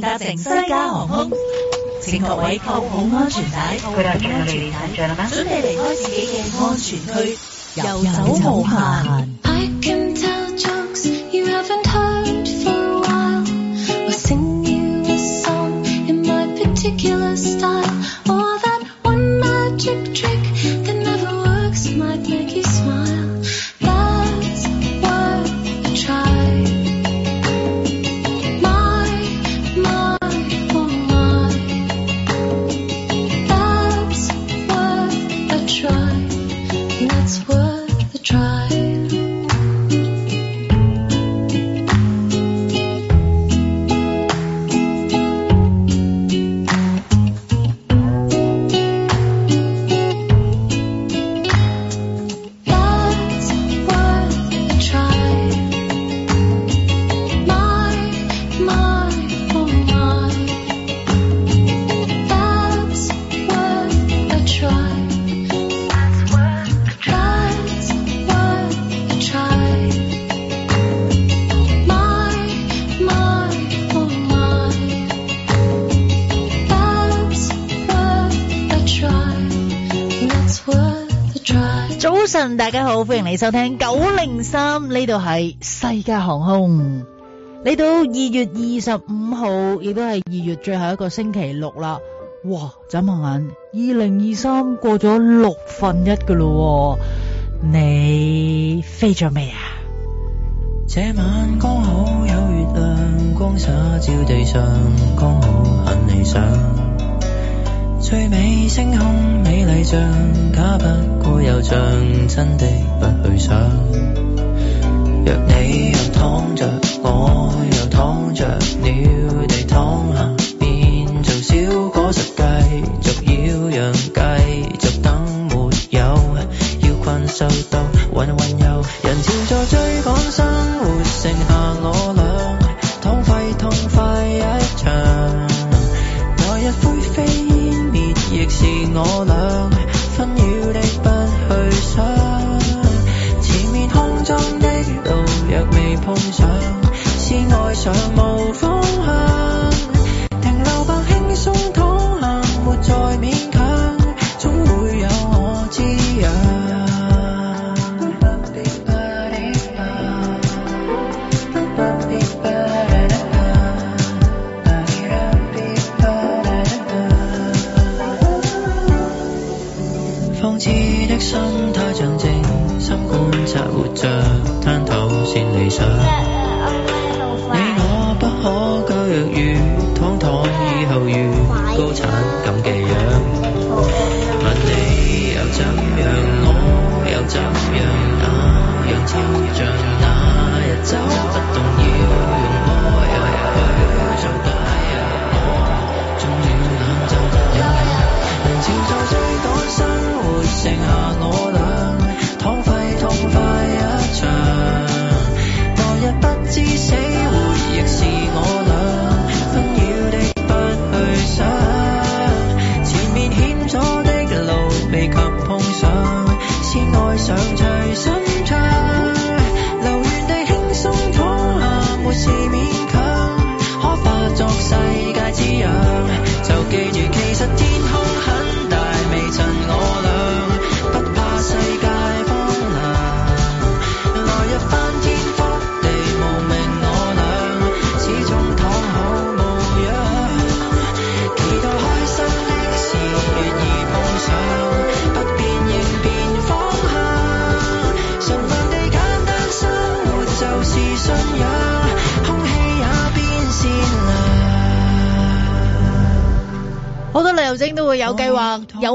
搭乘西加航空，請各位扣好安全帶，安全帶準備離開自己嘅安全區，遊走無限。收聽九零三，呢度係世界航空，嚟到二月二十五號，亦都係二月最後一個星期六啦。哇！眨下眼，二零二三過咗六分一噶啦，你飛咗未啊？這晚剛好有月亮，光紗照地上，剛好，很理想。最美星空，美麗像假不像，不過又像真的，不去想。若你又躺着，我又躺着，了地躺下，變做小果實，繼續擾攘，繼續等，沒有要困獸鬥，混混又人潮在追趕，生活剩下我兩，痛快痛快一場。是我倆紛擾的不去想，前面空中的路若未碰上，是愛上無方向。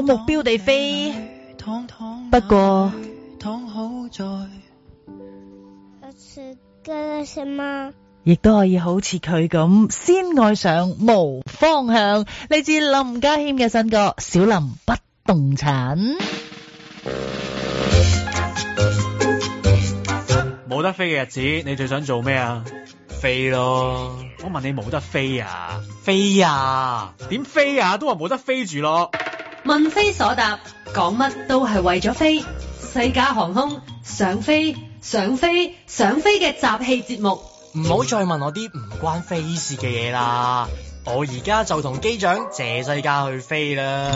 目標地飛，好好不過亦都可以好似佢咁先愛上無方向。嚟自林家謙嘅新歌《小林不動產》，冇得飛嘅日子，你最想做咩啊？飛咯！我問你冇得飛啊？飛啊？點飛啊？都話冇得飛住咯。問非所答，講乜都係為咗飛。西加航空想飛想飛想飛嘅雜氣節目，唔好再問我啲唔關飛事嘅嘢啦。我而家就同機長謝西加去飛啦。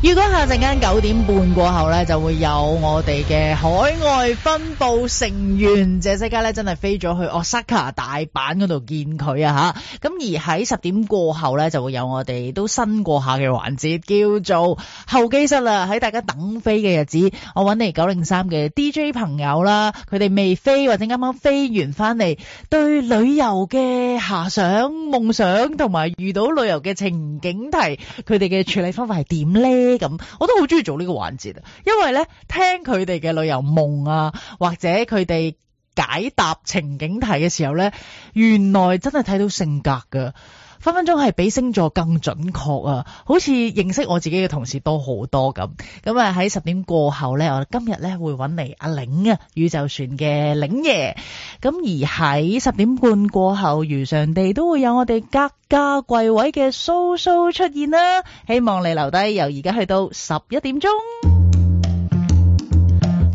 如果下陣間九點半過後咧，就會有我哋嘅海外分部成員，謝西嘉咧，真係飛咗去 Osaka 大阪度見佢啊吓。咁而喺十點過後咧，就會有我哋都新過下嘅環節，叫做候機室啦。喺大家等飛嘅日子，我搵嚟九零三嘅 DJ 朋友啦，佢哋未飛或者啱啱飛完翻嚟，對旅遊嘅遐想、夢想同埋遇到旅遊嘅情景題，佢哋嘅處理方法係點咧？咁我都好中意做呢個環節啊，因為咧聽佢哋嘅旅遊夢啊，或者佢哋解答情景題嘅時候咧，原來真係睇到性格噶。分分鐘係比星座更準確啊！好似認識我自己嘅同事多好多咁。咁啊喺十點過後呢，我哋今日呢會揾嚟阿玲啊宇宙船嘅玲爺。咁而喺十點半過後，如常地都會有我哋隔籬櫃位嘅蘇蘇出現啦。希望你留低由而家去到十一點鐘。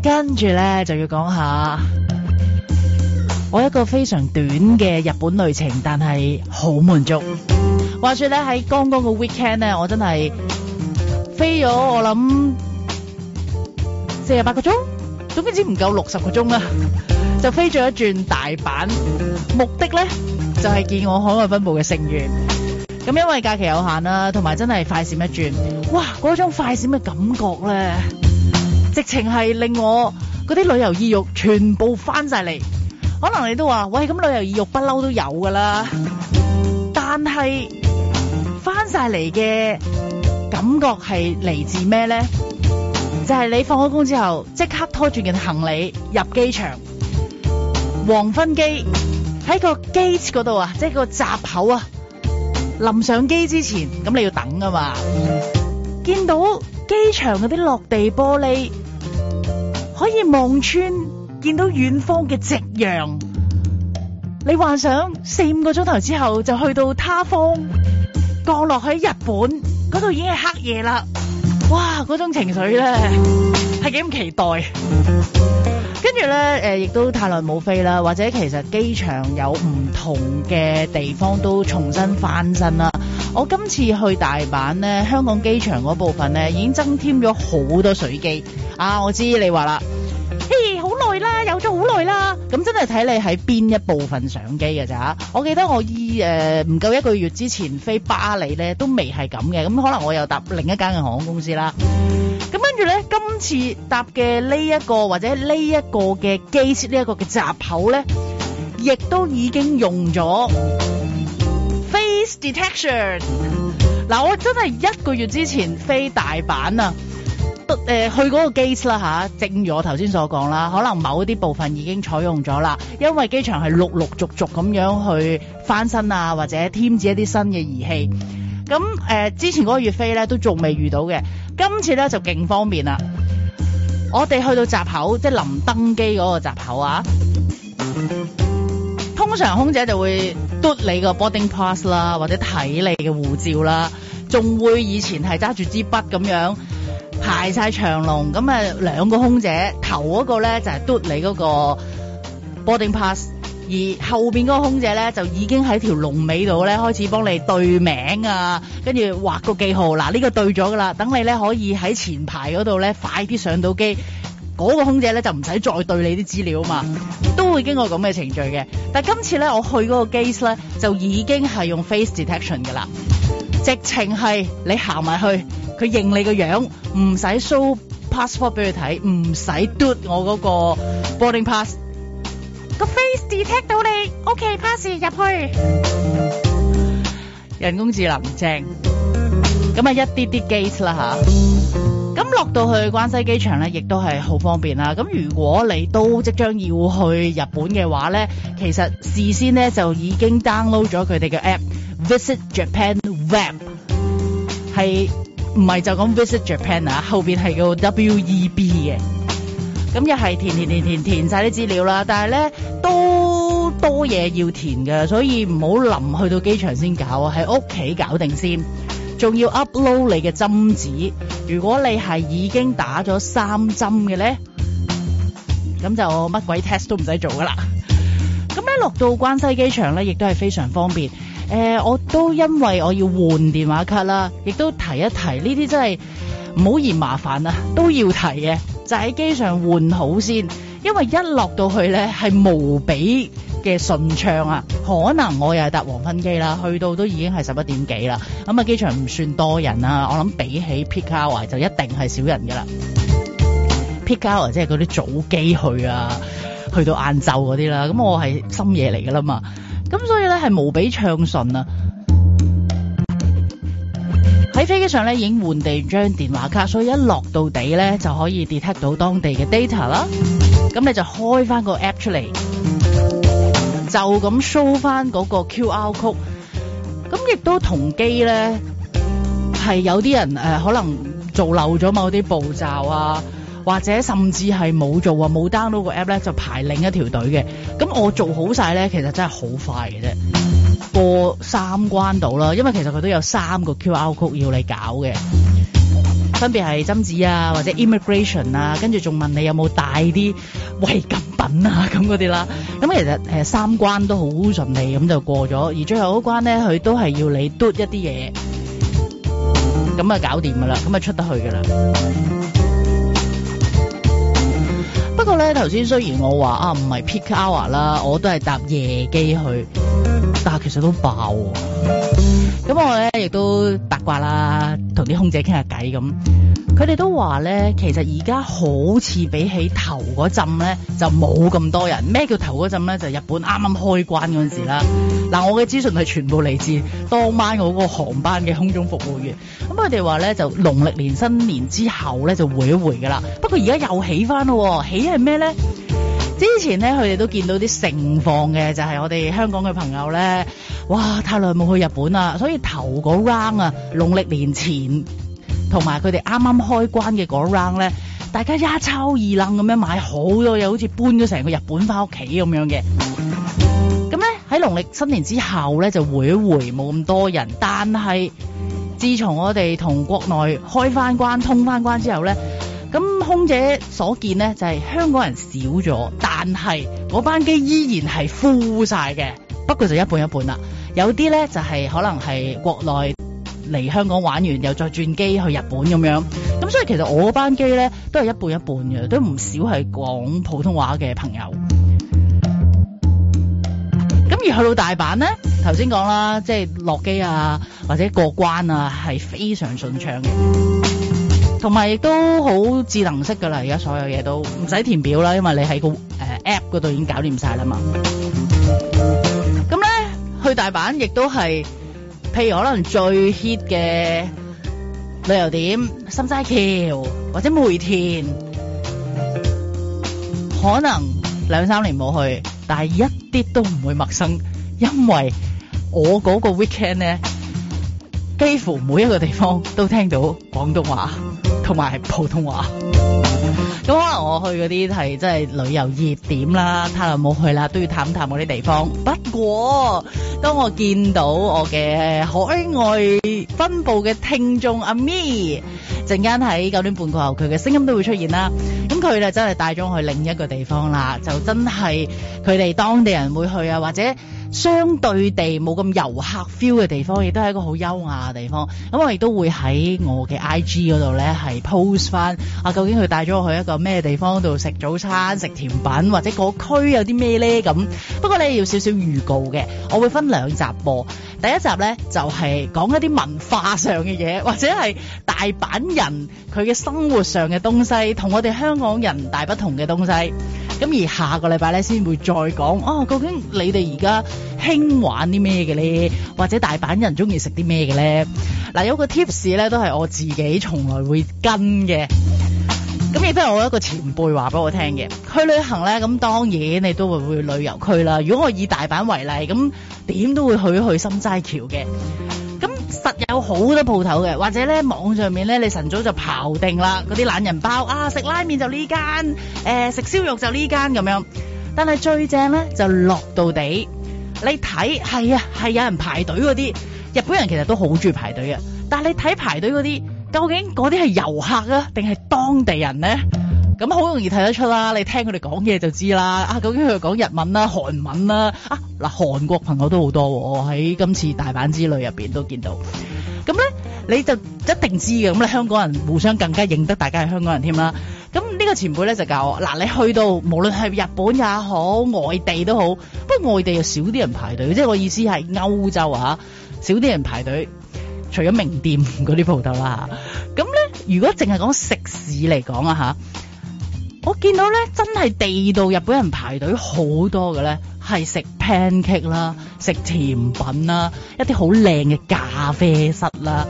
跟住呢就要講下。我一個非常短嘅日本旅程，但係好滿足。話說咧喺剛剛個 weekend 咧，我真係飛咗我諗四十八個鐘，總之唔夠六十個鐘啦， 就飛咗一轉大阪。目的咧就係、是、見我海外分部嘅成員。咁因為假期有限啦，同埋真係快閃一轉，哇！嗰種快閃嘅感覺咧，直情係令我嗰啲旅遊意慾全部翻晒嚟。可能你都話，喂，咁旅遊意慾不嬲都有噶啦，但係翻晒嚟嘅感覺係嚟自咩咧？就係你放咗工之後，即刻拖住件行李入機場，黃昏機喺個 gate 嗰度啊，即係個閘口啊，臨上機之前，咁你要等噶嘛？見到機場嗰啲落地玻璃，可以望穿。見到遠方嘅夕陽，你幻想四五個鐘頭之後就去到他方，降落喺日本嗰度已經係黑夜啦。哇，嗰種情緒咧係幾咁期待。 跟住咧，誒、呃，亦都太耐冇飛啦，或者其實機場有唔同嘅地方都重新翻新啦。我今次去大阪咧，香港機場嗰部分咧已經增添咗好多水機啊！我知你話啦。啦，有咗好耐啦，咁真係睇你喺邊一部分相機嘅咋？我記得我依誒唔夠一個月之前飛巴黎咧，都未係咁嘅，咁可能我又搭另一間嘅航空公司啦。咁跟住咧，今次搭嘅呢一個或者這個這個呢一個嘅機設呢一個嘅閘口咧，亦都已經用咗 face detection。嗱，我真係一個月之前飛大阪啊！誒去嗰個機艙啦嚇，正如我頭先所講啦，可能某啲部分已經採用咗啦，因為機場係陸陸續續咁樣去翻新啊，或者添置一啲新嘅儀器。咁誒、呃、之前嗰個月飛咧都仲未遇到嘅，今次咧就勁方便啦。我哋去到閘口，即係臨登機嗰個閘口啊，通常空姐就會嘟你個 boarding pass 啦，或者睇你嘅護照啦，仲會以前係揸住支筆咁樣。排晒長龍，咁啊兩個空姐，頭嗰個咧就係嘟你嗰個 boarding pass，而後邊嗰個空姐咧就已經喺條龍尾度咧開始幫你對名啊，跟住畫個記號。嗱、這、呢個對咗噶啦，等你咧可以喺前排嗰度咧快啲上到機，嗰、那個空姐咧就唔使再對你啲資料啊嘛，都會經過咁嘅程序嘅。但係今次咧我去嗰個 gate 咧就已經係用 face detection 噶啦，直情係你行埋去。佢認你個樣，唔使 show passport 俾佢睇，唔使嘟我嗰個 boarding pass，個 face detect 到你，OK pass 入去。人工智能正，咁啊一啲啲 gates 啦嚇。咁落到去關西機場咧，亦都係好方便啦。咁如果你都即將要去日本嘅話咧，其實事先咧就已經 download 咗佢哋嘅 app Visit Japan Web 係。唔係就咁 visit Japan 啊，後邊係叫 WEB 嘅，咁又係填填填填填晒啲資料啦，但係咧都多嘢要填嘅，所以唔好臨去到機場先搞啊，喺屋企搞定先，仲要 upload 你嘅針紙。如果你係已經打咗三針嘅咧，咁就乜鬼 test 都唔使做噶啦。咁咧落到關西機場咧，亦都係非常方便。誒、呃，我都因為我要換電話卡啦，亦都提一提呢啲真係唔好嫌麻煩啊，都要提嘅，就喺機場換好先，因為一落到去咧係無比嘅順暢啊！可能我又係搭黃昏機啦，去到都已經係十一點幾啦。咁啊，機場唔算多人啦，我諗比起 Peak Hour 就一定係少人㗎啦。Peak Hour 即係嗰啲早機去啊，去到晏晝嗰啲啦。咁我係深夜嚟㗎啦嘛。咁所以咧係無比暢順啊！喺飛機上咧已經換定張電話卡，所以一落到地咧就可以 detect 到當地嘅 data 啦。咁你就開翻個 app 出嚟，就咁 show 翻嗰個 QR code。咁亦都同機咧係有啲人、呃、可能做漏咗某啲步驟啊。或者甚至係冇做啊，冇 download 個 app 咧就排另一條隊嘅。咁我做好晒咧，其實真係好快嘅啫，過三關到啦。因為其實佢都有三個 QR code 要你搞嘅，分別係針紙啊，或者 immigration 啊，跟住仲問你有冇帶啲違禁品啊咁嗰啲啦。咁其實誒三關都好順利，咁就過咗。而最後嗰關咧，佢都係要你嘟一啲嘢，咁啊搞掂㗎啦，咁啊出得去㗎啦。不過咧，頭先雖然我話啊，唔係 peak hour 啦，我都係搭夜機去。但係其實都爆喎，啊，咁我咧亦都八卦啦，同啲空姐傾下偈咁，佢哋都話咧，其實而家好似比起頭嗰陣咧，就冇咁多人。咩叫頭嗰陣咧？就是，日本啱啱開關嗰陣時啦。嗱，我嘅資訊係全部嚟自當晚我嗰個航班嘅空中服務員，咁佢哋話咧就農曆年新年之後咧就回一回㗎啦。不過而家又起翻咯喎，起係咩咧？之前咧，佢哋都見到啲盛況嘅，就係我哋香港嘅朋友咧，哇！太耐冇去日本啦，所以頭嗰 round 啊，農曆年前同埋佢哋啱啱開關嘅嗰 round 咧，大家一抽二愣咁樣買好多嘢，好似搬咗成個日本翻屋企咁樣嘅。咁咧喺農曆新年之後咧就回回冇咁多人，但係自從我哋同國內開翻關通翻關之後咧。空姐所見呢，就係香港人少咗，但係我班機依然係 full 晒嘅，不過就一半一半啦。有啲呢，就係可能係國內嚟香港玩完，又再轉機去日本咁樣。咁所以其實我班機呢，都係一半一半嘅，都唔少係講普通話嘅朋友。咁而去到大阪呢，頭先講啦，即係落機啊或者過關啊，係非常順暢嘅。同埋亦都好智能式噶啦，而家所有嘢都唔使填表啦，因為你喺個誒 App 嗰度已經搞掂晒啦嘛。咁咧，去大阪亦都係，譬如可能最 hit 嘅旅遊點心齋橋或者梅田，可能兩三年冇去，但係一啲都唔會陌生，因為我嗰個 weekend 咧，幾乎每一個地方都聽到廣東話。同埋普通話，咁可能我去嗰啲係真係旅遊熱點啦，太耐冇去啦，都要探探我啲地方。不過，當我見到我嘅海外分部嘅聽眾阿咪，陣間喺九點半過後佢嘅聲音都會出現啦。咁佢咧真係帶咗我去另一個地方啦，就真係佢哋當地人會去啊，或者。相對地冇咁遊客 feel 嘅地方，亦都係一個好優雅嘅地方。咁我亦都會喺我嘅 IG 嗰度呢，係 post 翻啊，究竟佢帶咗我去一個咩地方度食早餐、食甜品，或者個區有啲咩呢？咁不過呢，要少少預告嘅，我會分兩集播。第一集呢，就係、是、講一啲文化上嘅嘢，或者係大阪人佢嘅生活上嘅東西，同我哋香港人大不同嘅東西。咁而下個禮拜呢，先會再講。哦、啊，究竟你哋而家？輕玩啲咩嘅咧？或者大阪人中意食啲咩嘅咧？嗱、啊，有個 tips 咧，都係我自己從來會跟嘅。咁亦都係我一個前輩話俾我聽嘅。去旅行咧，咁當然你都會去旅遊區啦。如果我以大阪為例，咁點都會去去心齋橋嘅。咁實有好多鋪頭嘅，或者咧網上面咧，你晨早就刨定啦。嗰啲懶人包啊，食拉麵就呢間、呃，食燒肉就呢間咁樣。但係最正咧就落到地。」你睇係啊，係有人排隊嗰啲，日本人其實都好中意排隊嘅。但係你睇排隊嗰啲，究竟嗰啲係遊客啊，定係當地人咧？咁好容易睇得出啦，你聽佢哋講嘢就知啦。啊，究竟佢哋講日文啦、啊、韓文啦、啊？啊，嗱，韓國朋友都好多喎、啊，喺今次大阪之旅入邊都見到。咁咧你就一定知嘅，咁咧香港人互相更加認得大家係香港人添啦。咁呢個前輩咧就教我，嗱，你去到無論係日本也好，外地都好，不過外地又少啲人排隊，即係我意思係歐洲啊，少啲人排隊，除咗名店嗰啲鋪頭啦嚇。咁咧如果淨係講食肆嚟講啊嚇。我見到咧，真係地道日本人排隊好多嘅咧，係食 pancake 啦，食甜品啦，一啲好靚嘅咖啡室啦。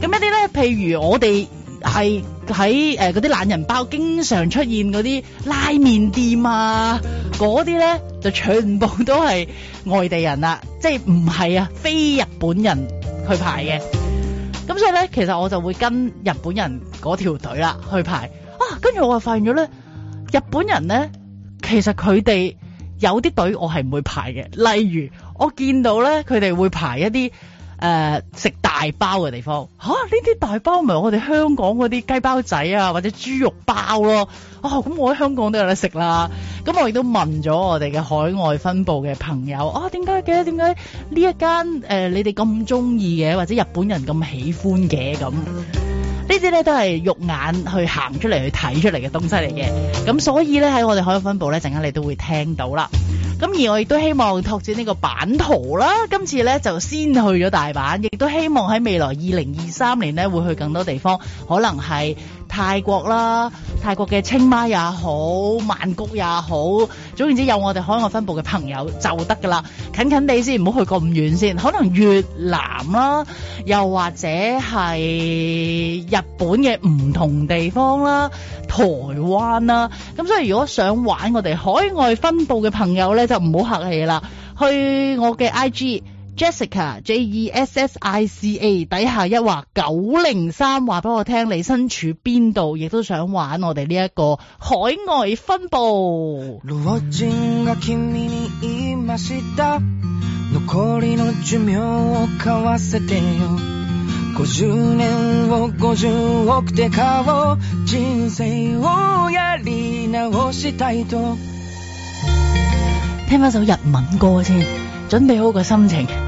咁一啲咧，譬如我哋係喺誒嗰啲懶人包經常出現嗰啲拉麵店啊，嗰啲咧就全部都係外地人啦，即係唔係啊？非日本人去排嘅。咁所以咧，其實我就會跟日本人嗰條隊啦去排。跟、啊、住我啊發現咗咧，日本人咧其實佢哋有啲隊我係唔會排嘅，例如我見到咧佢哋會排一啲誒、呃、食大包嘅地方嚇，呢、啊、啲大包咪我哋香港嗰啲雞包仔啊或者豬肉包咯，哦、啊、咁、嗯、我喺香港都有得食啦，咁、嗯、我亦都問咗我哋嘅海外分部嘅朋友，啊點解嘅點解呢一間、呃、你哋咁中意嘅或者日本人咁喜歡嘅咁？呢啲咧都係肉眼去行出嚟去睇出嚟嘅東西嚟嘅，咁所以呢，喺我哋海外分部呢陣間你都會聽到啦，咁而我亦都希望拓展呢個版圖啦，今次呢，就先去咗大阪，亦都希望喺未來二零二三年呢，會去更多地方，可能係。泰國啦，泰國嘅清邁也好，曼谷也好，總言之有我哋海外分部嘅朋友就得㗎啦。近近地先，唔好去咁遠先。可能越南啦，又或者係日本嘅唔同地方啦，台灣啦。咁所以如果想玩我哋海外分部嘅朋友呢，就唔好客氣啦。去我嘅 IG。Jessica J E S S I C A 底下一話九零三，話俾我聽你，你身處邊度，亦都想玩我哋呢一個海外分布。聽翻首日文歌先，準備好個心情。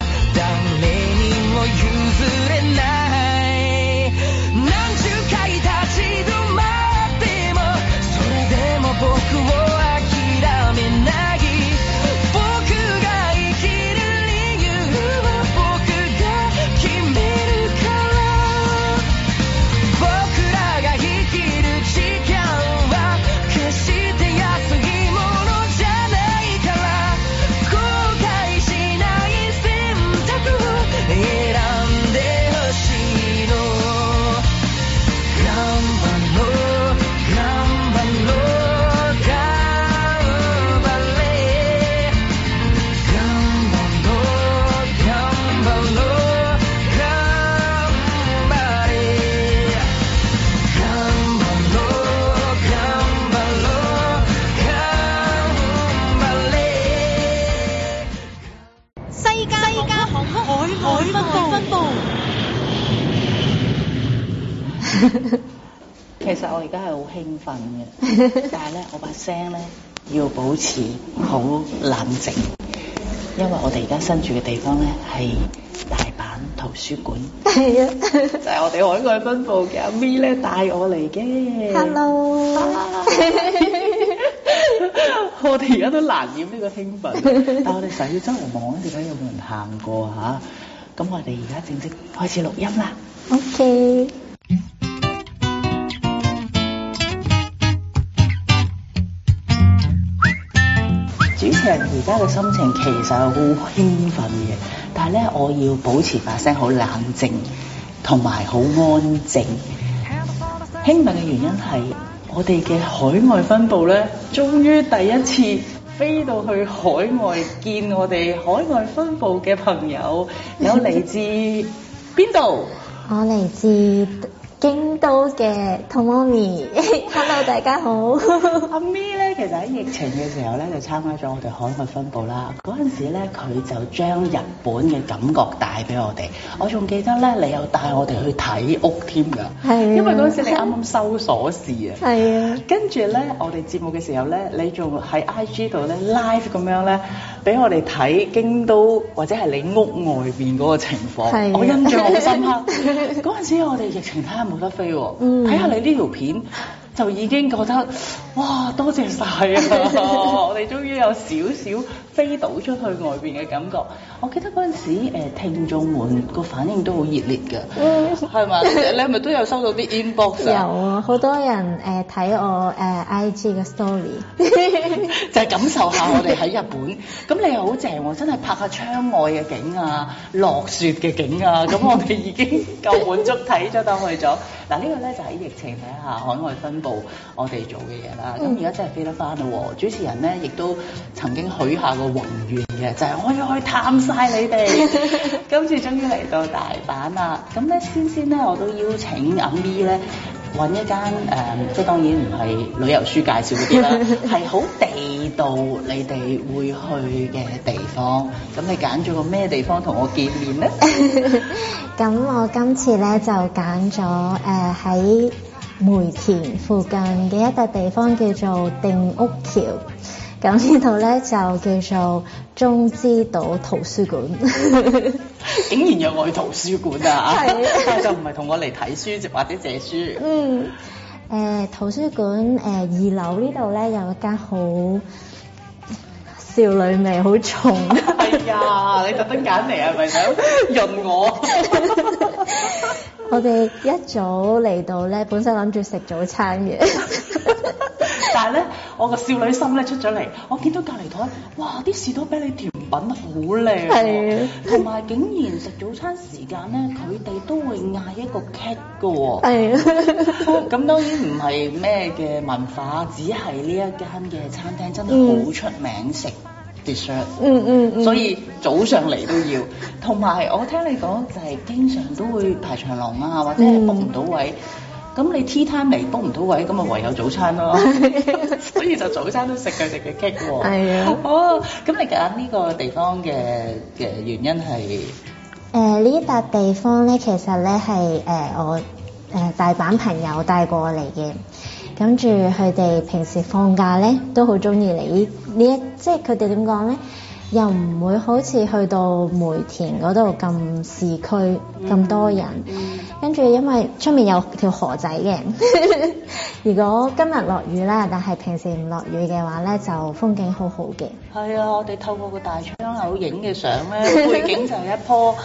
其實我而家係好興奮嘅， 但係咧我把聲咧要保持好冷靜，因為我哋而家身處嘅地方咧係大阪圖書館。係啊，就係我哋海外分部嘅阿咪咧帶我嚟嘅。Hello， 我哋而家都難掩呢個興奮，但我哋成日要周圍望一啲睇有冇人行過吓。咁我哋而家正式開始錄音啦。OK 而家嘅心情其實係好興奮嘅，但係咧，我要保持把聲好冷靜同埋好安靜。興奮嘅原因係我哋嘅海外分部咧，終於第一次飛到去海外見我哋海外分部嘅朋友，嗯、有嚟自邊度？我嚟自。京都嘅 Tomomi，Hello 大家好。阿咪咧，其實喺疫情嘅時候咧，就參加咗我哋海外分部啦。陣時咧，佢就將日本嘅感覺帶俾我哋。我仲記得咧，你又帶我哋去睇屋添㗎。係。因為陣時你啱啱收鎖匙啊。係啊。跟住咧，我哋節目嘅時候咧，你仲喺 IG 度咧 live 咁樣咧，俾我哋睇京都或者係你屋外邊個情況。係。我印象好深刻。陣 時我哋疫情啱。冇得飛喎，睇下你呢條片。就已經覺得哇，多謝晒啊！ 我哋終於有少少飛到出去外邊嘅感覺，我記得嗰陣時誒、呃、聽眾們個反應都好熱烈㗎，係 嘛？你係咪都有收到啲 inbox 啊？有啊，好多人誒睇、呃、我誒、呃、IG 嘅 story， 就係感受一下我哋喺日本。咁 你又好正，真係拍一下窗外嘅景啊，落雪嘅景啊。咁我哋已經夠滿足睇咗 到去咗。嗱、這個、呢個咧就喺、是、疫情底下海外分布。我哋做嘅嘢啦，咁而家真係飛得翻啦喎！主持人咧亦都曾經許下個宏願嘅，就係、是、我要去探晒你哋，今 次終於嚟到大阪啦。咁咧，先先咧，我都邀請阿 Mi 咧揾一間誒，即、呃、係當然唔係旅遊書介紹嗰啲啦，係 好地道你哋會去嘅地方。咁你揀咗個咩地方同我見面咧？咁 我今次咧就揀咗誒喺。呃梅田附近嘅一笪地方叫做定屋橋，咁呢度咧就叫做中之島圖書館。 竟然約我去圖書館啊？係，就唔係同我嚟睇書或者借書。嗯，誒、呃、圖書館誒、呃、二樓呢度咧有一間好少女味好重，係 啊、哎，你特登揀嚟係咪想潤我？ 我哋一早嚟到咧，本身諗住食早餐嘅， 但係咧，我個少女心咧出咗嚟，我見到隔離台，哇，啲士多啤梨甜品好靚，哦，係，同埋竟然食早餐時間咧，佢 哋都會嗌一個 cake 㗎喎，哦，係，咁當然唔係咩嘅文化，只係呢一間嘅餐廳真係好出名食。 Dessert，嗯嗯嗯，所以早上嚟都要，同埋我聽你講就係經常都會排長龍啊，或者係 book 唔到位，咁、嗯、你 tea time 嚟 book 唔到位，咁啊唯有早餐咯，嗯、 所以就早餐都食嘅食嘅 cake 喎，啊，哦，咁你揀呢個地方嘅嘅原因係誒呢一笪地方咧，其實咧係誒我誒、呃、大阪朋友帶過嚟嘅。跟住佢哋平時放假咧，都好中意嚟呢一，即係佢哋點講咧，又唔會好似去到梅田嗰度咁市區咁、嗯、多人。跟住因為出面有條河仔嘅， 如果今日落雨啦，但係平時唔落雨嘅話咧，就風景好好嘅。係啊，我哋透過個大窗口影嘅相咧，背景就係一樖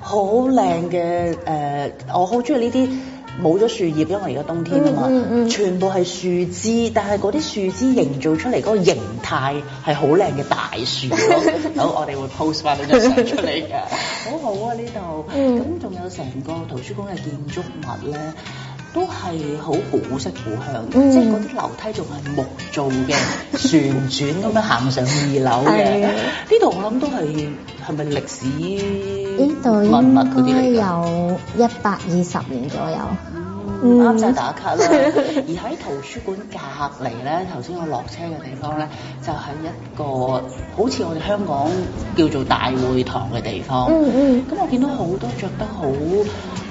好靚嘅誒，我好中意呢啲。冇咗樹葉，因為而家冬天啊嘛、嗯嗯嗯，全部係樹枝，但係嗰啲樹枝營造出嚟嗰個形態係好靚嘅大樹， 好，我哋會 post 翻呢張相出嚟嘅。好 好啊呢度，咁仲、嗯、有成個圖書館嘅建築物咧。都係好古色古香、嗯，即係嗰啲樓梯仲係木造嘅，旋轉咁樣行上二樓嘅。呢 度我諗都係係咪歷史文物嗰啲嚟㗎？呢度應該有一百二十年左右。啱、嗯、就、嗯、打卡啦！ 而喺圖書館隔離咧，頭先我落車嘅地方咧，就係、是、一個好似我哋香港叫做大會堂嘅地方。嗯嗯。咁我見到好多着得好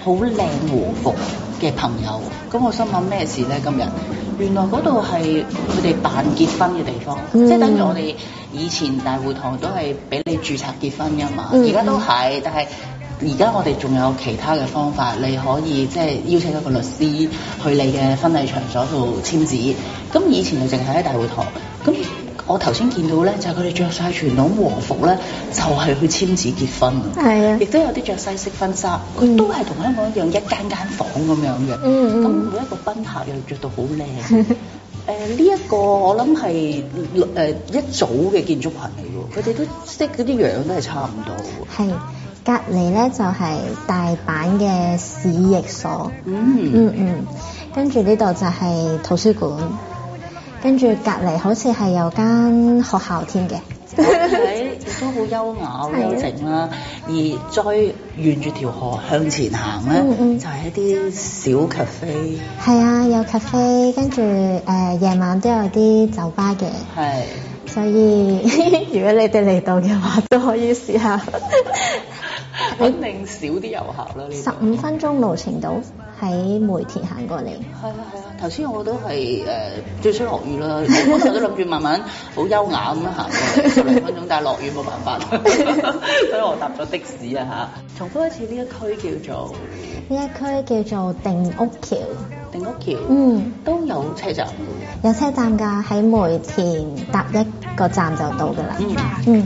好靚和服嘅朋友，咁我心諗咩事咧？今日原來嗰度係佢哋辦結婚嘅地方，嗯、即係等於我哋以前大會堂都係俾你注冊結婚噶嘛，嗯、而家都係，但係。而家我哋仲有其他嘅方法，你可以即係、就是、邀請一個律師去你嘅婚禮場所度簽字。咁以前就淨係喺大會堂。咁我頭先見到咧，就係佢哋着晒傳統和服咧，就係、是、去簽字結婚。係啊，亦都有啲着西式婚紗，佢都係同香港一樣一間間房咁樣嘅。嗯咁、嗯、每一個賓客又着到好靚。誒呢一個我諗係誒一組嘅建築群嚟嘅喎，佢哋都即係嗰啲樣都係差唔多。係、嗯。隔離咧就係、是、大阪嘅市役所，嗯嗯，嗯，跟住呢度就係圖書館，跟住隔離好似係有間學校添嘅，欸、 也都好優雅好靜啦。而再沿住條河向前行咧、嗯，就係、是、一啲小咖啡，係啊，有咖啡，跟住誒夜晚都有啲酒吧嘅，係，所以 如果你哋嚟到嘅話，都可以試下。 肯定少啲遊客啦。十五分鐘路程到，喺梅田行過嚟。係啊係啊，頭先、啊、我都係、呃、最想落雨啦。 我嗰時候都諗住慢慢好優雅咁樣行，十零 分鐘。但係落雨冇辦法， 所以我搭咗的士啊嚇。重複一次呢一區叫做，呢一區叫做定屋橋。定屋橋。嗯。都有車站。有車站㗎，喺梅田搭一個站就到㗎啦。嗯。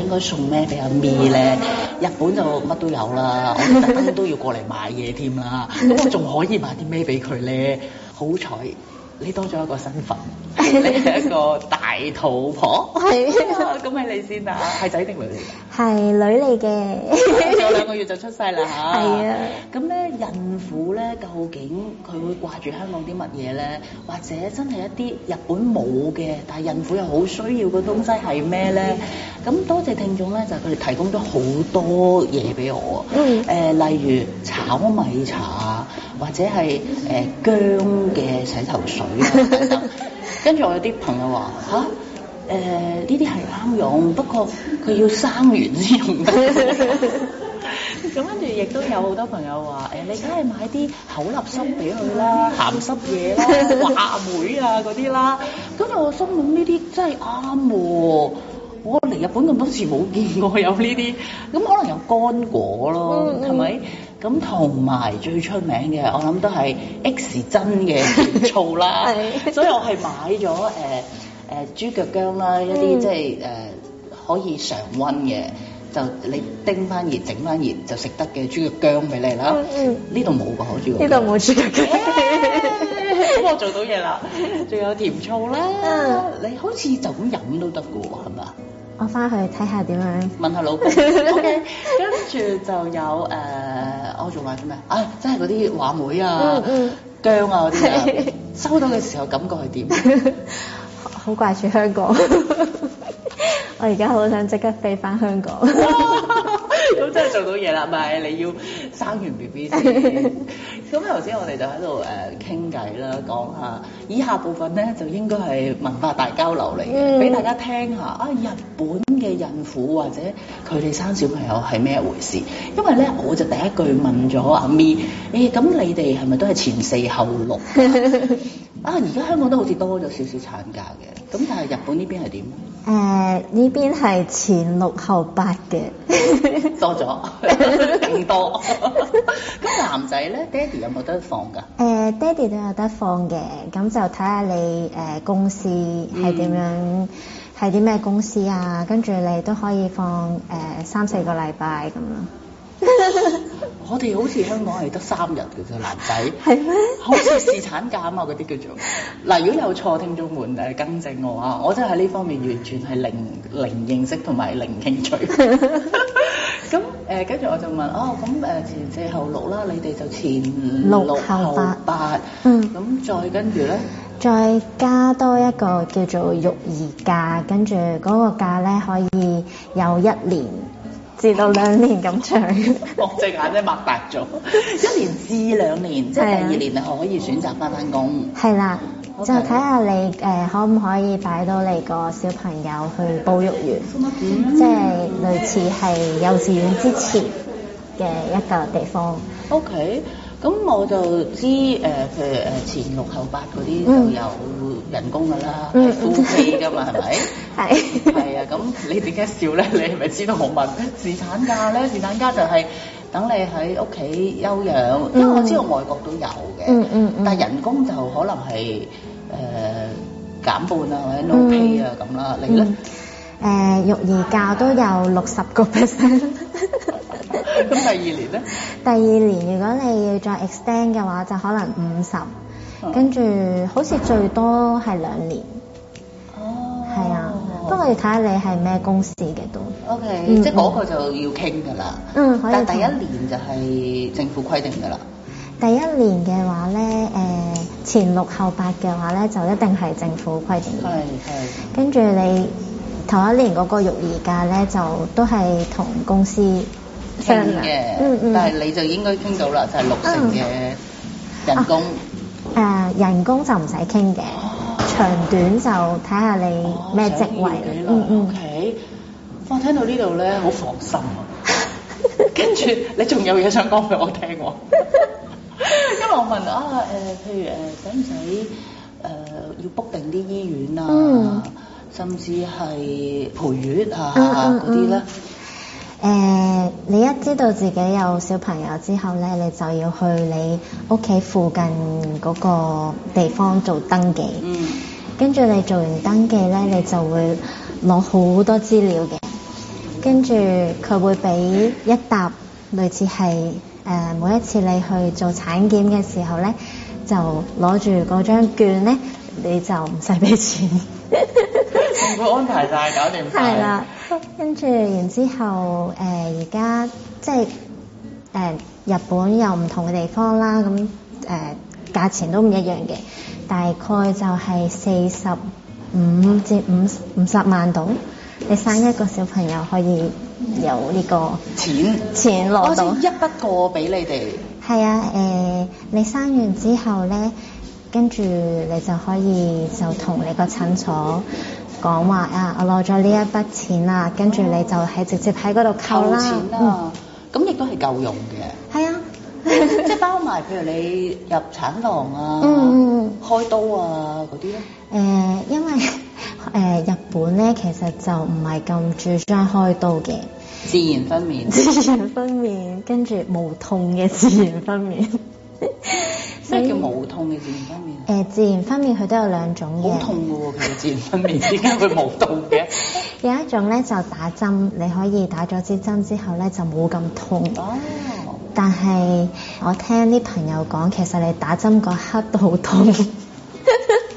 應該送咩俾阿咪咧？日本就乜都有啦，我特登都要過嚟買嘢添啦。咁我仲可以買啲咩俾佢咧？好彩你多咗一個身份，你係一個大肚婆。係，咁係你先啊？係仔定女嚟？係女嚟嘅，仲 有兩個月就出世啦吓，係啊，咁咧孕婦咧究竟佢會掛住香港啲乜嘢咧？或者真係一啲日本冇嘅，但係孕婦又好需要嘅東西係咩咧？咁 多謝聽眾咧，就佢哋提供咗好多嘢俾我啊。誒、 呃，例如炒米茶，或者係、呃、薑姜嘅洗頭水。 跟住我有啲朋友話吓誒，呢啲係啱用，不過佢要生完先用。咁跟住亦都有好多朋友話：誒，你梗係買啲口立心俾佢啦，鹹濕嘢啦，話梅啊嗰啲啦。咁我心諗呢啲真係啱喎。我嚟日本咁多次冇見過有呢啲，咁可能有乾果咯，係咪？咁同埋最出名嘅，我諗都係 X 真嘅醋啦。所以我係買咗誒。誒、呃、豬腳薑啦，一啲即係可以常溫嘅，嗯，就你叮翻熱整翻熱就食得嘅豬腳薑俾你啦。呢度冇個好豬腳，呢度冇豬腳薑。咁 我做到嘢啦，仲 有甜醋啦。啊，你好似就咁飲都得嘅喎，係嘛？我翻去睇下點樣問下老公。 OK，跟住 就有誒、呃，我仲話啲咩啊？真係嗰啲話梅啊、薑啊嗰啲啊，啊 收到嘅時候 感覺係點？好掛住香港， 我而家好想即刻飛翻香港。咁 啊、真係做到嘢啦，咪 你要生完 B B 先。咁頭先我哋就喺度誒傾偈啦，講下以下部分咧就應該係文化大交流嚟嘅，俾、嗯、大家聽下啊日本嘅孕婦或者佢哋生小朋友係咩回事。因為咧我就第一句問咗阿咪，誒咁你哋係咪都係前四後六啊？ 啊！而家香港都好似多咗少少產假嘅，咁但係日本呢邊係點咧？誒呢邊係前六後八嘅，多 咗更多。咁 男仔咧，爹哋有冇得放㗎？誒爹哋都有得放嘅，咁就睇下你誒、呃、公司係點樣，係啲咩公司啊？跟住你都可以放誒、呃、三四個禮拜咁咯。 我哋好似香港係得三日嘅啫，男仔。係咩？ 好似侍產假啊嘛，嗰啲叫做。嗱， 如果有錯，聽眾們誒更正我啊！我真係喺呢方面完全係零零認識同埋零興趣。咁 誒， 跟、呃、住我就問哦，咁誒前四後六啦，你哋就前六,六八後八，嗯，咁再跟住咧，再加多一個叫做育兒假，跟住嗰個假咧可以有一年。至到兩年咁長， 我隻眼咧擘大咗，一年至兩年， 即係第二年啊，可以選擇翻返工。係啦，就睇下你誒可唔可以擺到你個小朋友去保育園， 即係類似係幼稚園之前嘅一個地方。o、Okay. k 咁我就知誒，譬、呃、如前六後八嗰啲就有人工噶啦，係 full pay 噶嘛，係 咪是吧？係 係啊，咁你點解笑咧？你係咪知道我問？侍產假咧？侍 產假就係等你喺屋企休養、嗯，因為我知道外國都有嘅、嗯嗯嗯，但人工就可能係誒、呃、減半啊，或者 no pay 啊咁、嗯、啦，你咧？嗯誒、呃，育兒假都有六十個 percent。咁 第二年咧？第二年，如果你要再 extend 嘅話，就可能五十、哦。跟住，好似最多係兩年。哦。係啊，不過要睇下你係咩公司嘅都。O、okay, K，、嗯、即係嗰個就要傾㗎啦。嗯，可以。但第一年就係政府規定㗎啦、嗯。第一年嘅話咧、呃，前六後八嘅話咧，就一定係政府規定。係係。跟住你。嗯頭一年嗰個育兒假咧，就都係同公司傾嘅、嗯嗯，但係你就應該傾到啦，就係、是、六成嘅人工。誒、嗯啊呃，人工就唔使傾嘅，長短就睇下你咩職位。哦、想要嗯，嗯 O、okay. K，我聽到呢度咧好放心啊， 跟住你仲有嘢想講俾我聽喎、啊。 因為我問啊誒、呃，譬如誒，使唔使誒要 book 定啲醫院啊？嗯甚至係陪月啊嗰啲咧，誒、嗯嗯嗯呃，你一知道自己有小朋友之後咧，你就要去你屋企附近嗰個地方做登記，嗯，跟住你做完登記咧、嗯，你就會攞好多資料嘅、嗯，跟住佢會俾一沓，類似係、呃、每一次你去做產檢嘅時候咧，就攞住嗰張券咧，你就唔使俾錢。 全安排晒搞掂曬。係 啦，跟住然之後，誒而家即係誒、呃、日本有唔同嘅地方啦，咁誒價錢都唔一樣嘅，大概就係四十五至五十五十萬度，你生一個小朋友可以有呢個錢錢攞到，一筆過俾你哋。係啊，誒、呃、你生完之後咧，跟住你就可以就同你個診所。講話啊！我攞咗呢一筆錢啦，跟住你就係直接喺嗰度扣啦、扣錢啊。嗯，咁亦都係夠用嘅。係啊， 即係包埋，譬如你入產房啊，嗯、開刀啊嗰啲咧。誒、呃，因為誒、呃、日本咧，其實就唔係咁主張開刀嘅，自然分娩， 自然分娩，跟住無痛嘅自然分娩。咩叫冇痛嘅自然分娩？誒、呃，自然分娩佢都有兩種嘅。好痛嘅喎，佢自然分娩點解會冇痛嘅？ 有一種咧就打針，你可以打咗支針之後咧就冇咁痛。哦、oh.。但係我聽啲朋友講，其實你打針嗰刻都好痛。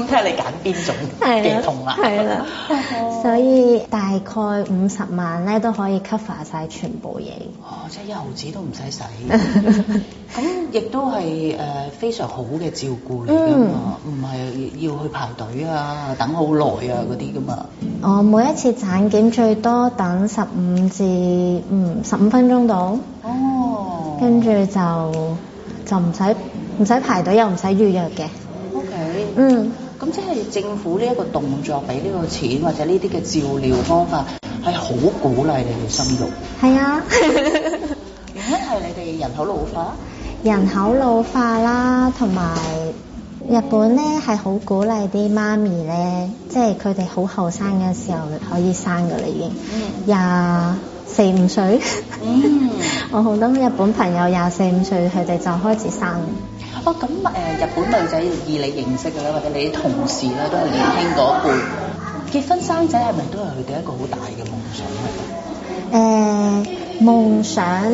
咁睇下你揀邊種，幾 痛啦、啊？係啦， 所以大概五十萬咧都可以 cover 晒全部嘢嘅。即係一毫紙都唔使使，咁 亦都係誒、呃、非常好嘅照顧嚟㗎嘛唔係要去排隊啊、等好耐啊嗰啲㗎嘛。我每一次產檢最多等十五至嗯十五分鐘到。哦。跟住就就唔使唔使排隊又唔使預約嘅。O K。嗯。咁即係政府呢一個動作，俾呢個錢或者呢啲嘅照料方法，係好鼓勵你哋生育。係啊，原因係你哋人口老化。人口老化啦，同埋日本咧係好鼓勵啲媽咪咧，即係佢哋好後生嘅時候可以生㗎喇已經，廿四五歲。嗯， 我好多日本朋友廿四五歲佢哋就開始生。哦，咁誒、呃、日本女仔以你認識嘅咧，或者你啲同事咧，都係年輕嗰輩，結婚生仔係咪都係佢哋一個好大嘅夢想咧？誒、呃，夢想，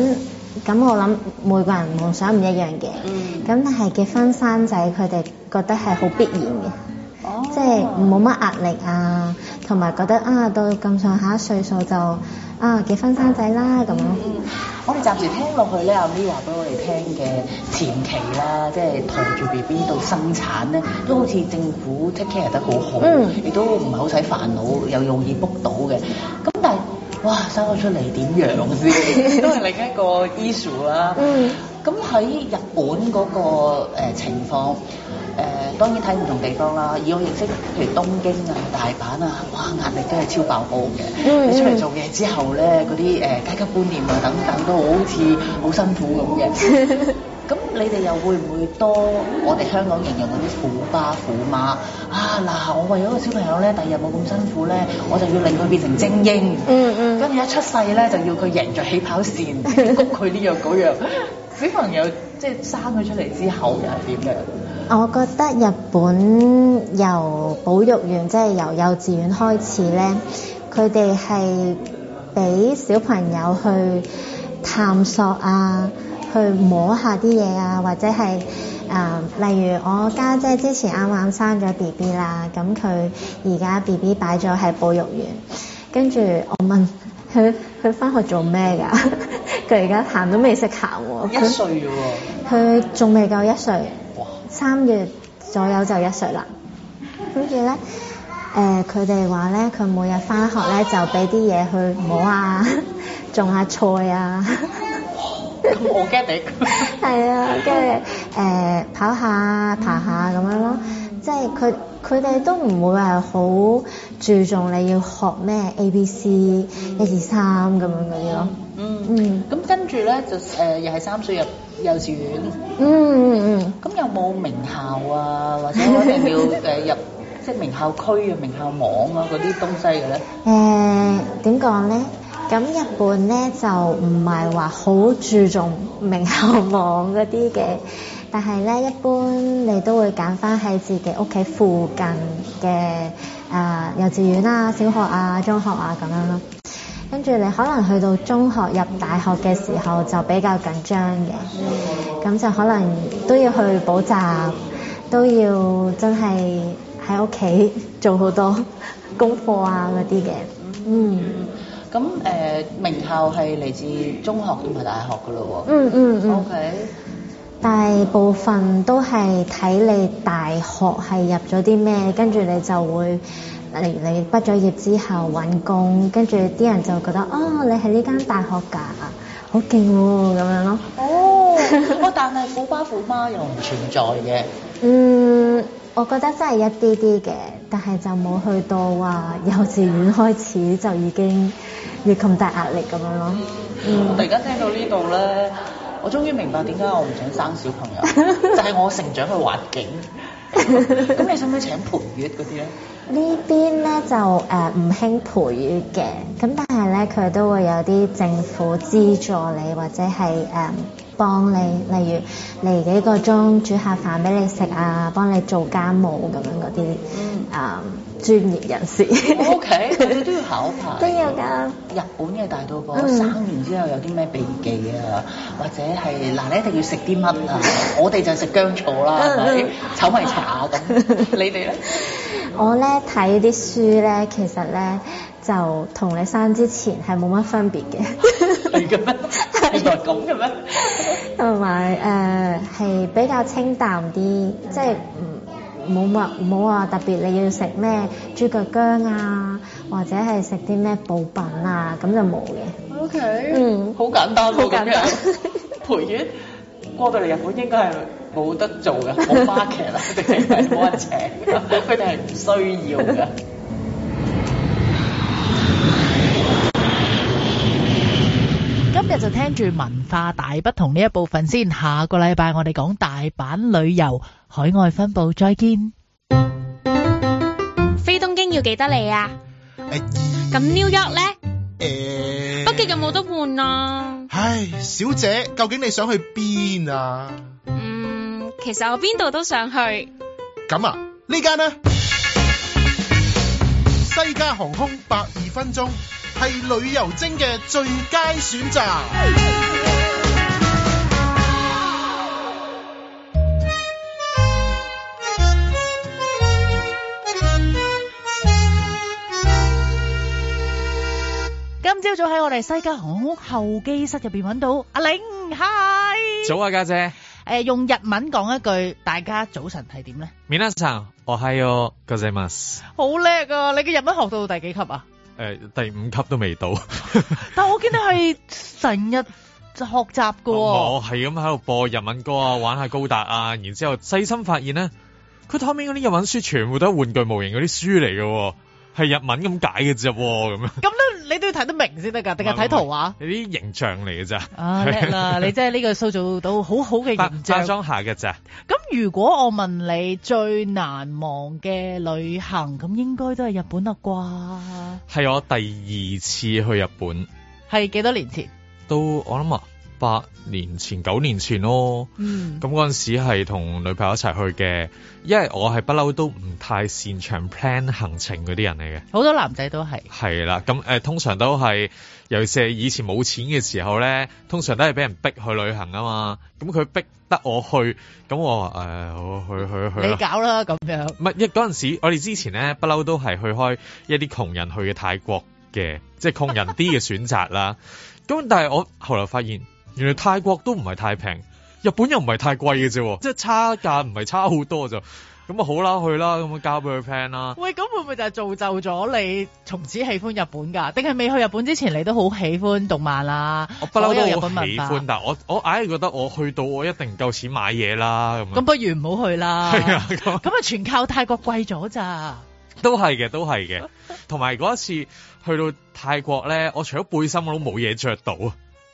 咁我諗每個人夢想唔一樣嘅，咁、嗯、但係結婚生仔佢哋覺得係好必然嘅、哦，即係冇乜壓力啊。同埋覺得啊，到咁上下一歲數就啊結婚生仔啦咁咯。嗯，我哋暫時聽落去咧，阿 Mia 話俾我哋聽嘅前期啦，即係抬住 B B 到生產咧，都好似政府 take care 得好好，亦、嗯、都唔係好使煩惱，又容易 book 到嘅。咁但係，哇，生咗出嚟點養先， 都係另一個 issue 啦。嗯，咁喺日本嗰個誒情況。當然睇唔同地方啦，以我認識，譬如東京啊、大阪啊，哇壓力都係超爆煲嘅、嗯。你出嚟做嘢之後咧，嗰啲誒階級觀念啊等等都好似好辛苦咁嘅。咁、嗯、你哋又會唔會多我哋香港形容嗰啲虎爸虎媽啊？嗱，我為咗個小朋友咧，第二日冇咁辛苦咧，我就要令佢變成精英。嗯嗯。跟住一出世咧，就要佢贏着起跑線，焗佢呢樣嗰樣。小朋友即係生佢出嚟之後又係點樣？我覺得日本由保育園，即係由幼稚園開始咧，佢哋係俾小朋友去探索啊，去摸下啲嘢啊，或者係啊、呃，例如我家姐姐之前啱啱生咗 B B 啦，咁佢而家 B B 擺咗喺保育園，跟住我問佢佢返學做咩㗎？佢而家行都未識行喎，一歲啫喎，佢仲未夠一歲。三月左右就一歲啦，跟住咧誒，佢哋話咧，佢每日翻學咧就俾啲嘢去摸啊，種、嗯、下 菜啊，咁我驚你。係 啊，跟住、呃、跑下、嗯、爬下咁樣咯，即係佢佢哋都唔會係好注重你要學咩 A B C 一二三咁樣嗰啲咯。嗯嗯，咁跟住咧就、呃、又係三歲入。幼稚園，嗯嗯嗯，咁、嗯、有冇名校啊？或者一定要誒入即係名校區啊、 名校網啊嗰啲東西嘅咧？誒點講咧？咁日本咧就唔係話好注重名校網嗰啲嘅，但係咧一般你都會揀翻喺自己屋企附近嘅誒、呃、幼稚園啊、小學啊、中學啊咁樣咯。跟住你可能去到中學入大學嘅時候就比較緊張嘅，咁、嗯、就可能都要去補習，嗯、都要真係喺屋企做好多功課啊嗰啲嘅。嗯，咁誒名校係嚟自中學同埋大學噶咯嗯嗯嗯。O、嗯、K、嗯嗯。大部分都係睇你大學係入咗啲咩，跟住你就會。例如你畢咗業之後揾工，跟住啲人就覺得哦，你係呢間大學㗎，好勁喎咁樣咯。哦， 但係虎爸虎媽又唔存在嘅。嗯，我覺得真係一啲啲嘅，但係就冇去到話幼稚園開始就已經要咁大壓力咁樣咯。嗯，嗯，我突然間聽到呢度咧，我終於明白點解我唔想生小朋友， 就係我成長嘅環境。咁 你想唔想請陪月嗰啲咧？.這邊呢邊咧就誒唔興陪月嘅，咁、呃、但係咧佢都會有啲政府資助你，或者係誒、嗯、幫你，例如嚟幾個鐘煮下飯俾你食啊，幫你做家務咁樣嗰啲，啊。嗯嗯。專業人士、 哦、，O okay , K， 你都要考牌，都要㗎。日本嘅大多哥、嗯、生完之後有啲咩秘技啊，或者係嗱、啊、你一定要食啲乜啊？ 我哋就食姜醋啦，係、嗯、咪、嗯？炒米 茶咁、啊， 你哋咧？我咧睇啲書咧，其實咧就同你生之前係冇乜分別嘅。係㗎咩？原來咁嘅咩？同埋誒係比較清淡啲，即、嗯、係。就是冇乜冇話特別，你要食咩豬腳薑啊，或者係食啲咩補品啊，咁就冇嘅。O、okay. K，嗯，好簡單個、啊、咁樣。陪月過到嚟日本應該係冇得做嘅，冇 market 啊，直情係冇人請，佢哋係唔需要嘅。 今日就聽住文化大不同呢一部分先，下個禮拜我哋講大阪旅遊。海外分佈，再見。飛東京要幾多嚟啊？咁、哎、New York 咧、哎？北京有冇得換啊？唉，小姐，究竟你想去邊啊？嗯，其實我邊度都想去。咁、嗯、啊，呢間呢西加航空百二分鐘，係旅遊精嘅最佳選擇。哎今朝早喺我哋西加航空候機室入邊搵到阿玲，hi，早啊家姐，姐。誒、呃，用日文講一句，大家早晨係點咧？みなさん、おはようございます。好叻啊！你嘅日文學到第幾級啊？誒、呃，第五級都未到。 但我見你係成日就學習噶、哦。 我係咁喺度播日文歌啊，玩下高達啊，然之後細心發現咧，佢後面嗰啲日文書全部都係玩具模型嗰啲書嚟嘅、哦。係日文咁解嘅啫，咁樣咁咧，你都要睇得明先得噶，定係睇圖畫？有啲形象嚟嘅啫。 啊叻啦！ 你真係呢個塑造到好好嘅形象，化妝下嘅啫。咁如果我問你最難忘嘅旅行，咁應該都係日本啦啩？係我第二次去日本，係幾多年前？都我諗啊。八年前、九年前咯，咁嗰陣時係同女朋友一齊去嘅，因為我係不嬲都唔太擅長 plan 行程嗰啲人嚟嘅，好多男仔都係係啦。咁誒，通常都係尤其是係以前冇錢嘅時候咧，通常都係俾人逼去旅行啊嘛。咁佢逼得我去，咁我話誒、呃，我去去去，你搞啦咁樣。唔係一嗰陣時，我哋之前咧不嬲都係去開一啲窮人去嘅泰國嘅，即係窮人啲嘅選擇啦。咁 但係我後來發現。原來泰國都唔係太平，日本又唔係太貴嘅啫，即係差價唔係差好多，就咁啊，好啦，去啦，咁啊交俾佢 plan 啦。喂，咁會唔會就係造就咗你從此喜歡日本噶？定係未去日本之前你都好喜歡動漫啦？啊？我不嬲都好喜歡，但我我硬係覺得我去到我一定唔夠錢買嘢啦，咁。咁不如唔好去啦。係啊，咁啊全靠泰國貴咗咋？都係嘅，都係嘅。同埋嗰一次去到泰國咧，我除咗背心我都冇嘢着到。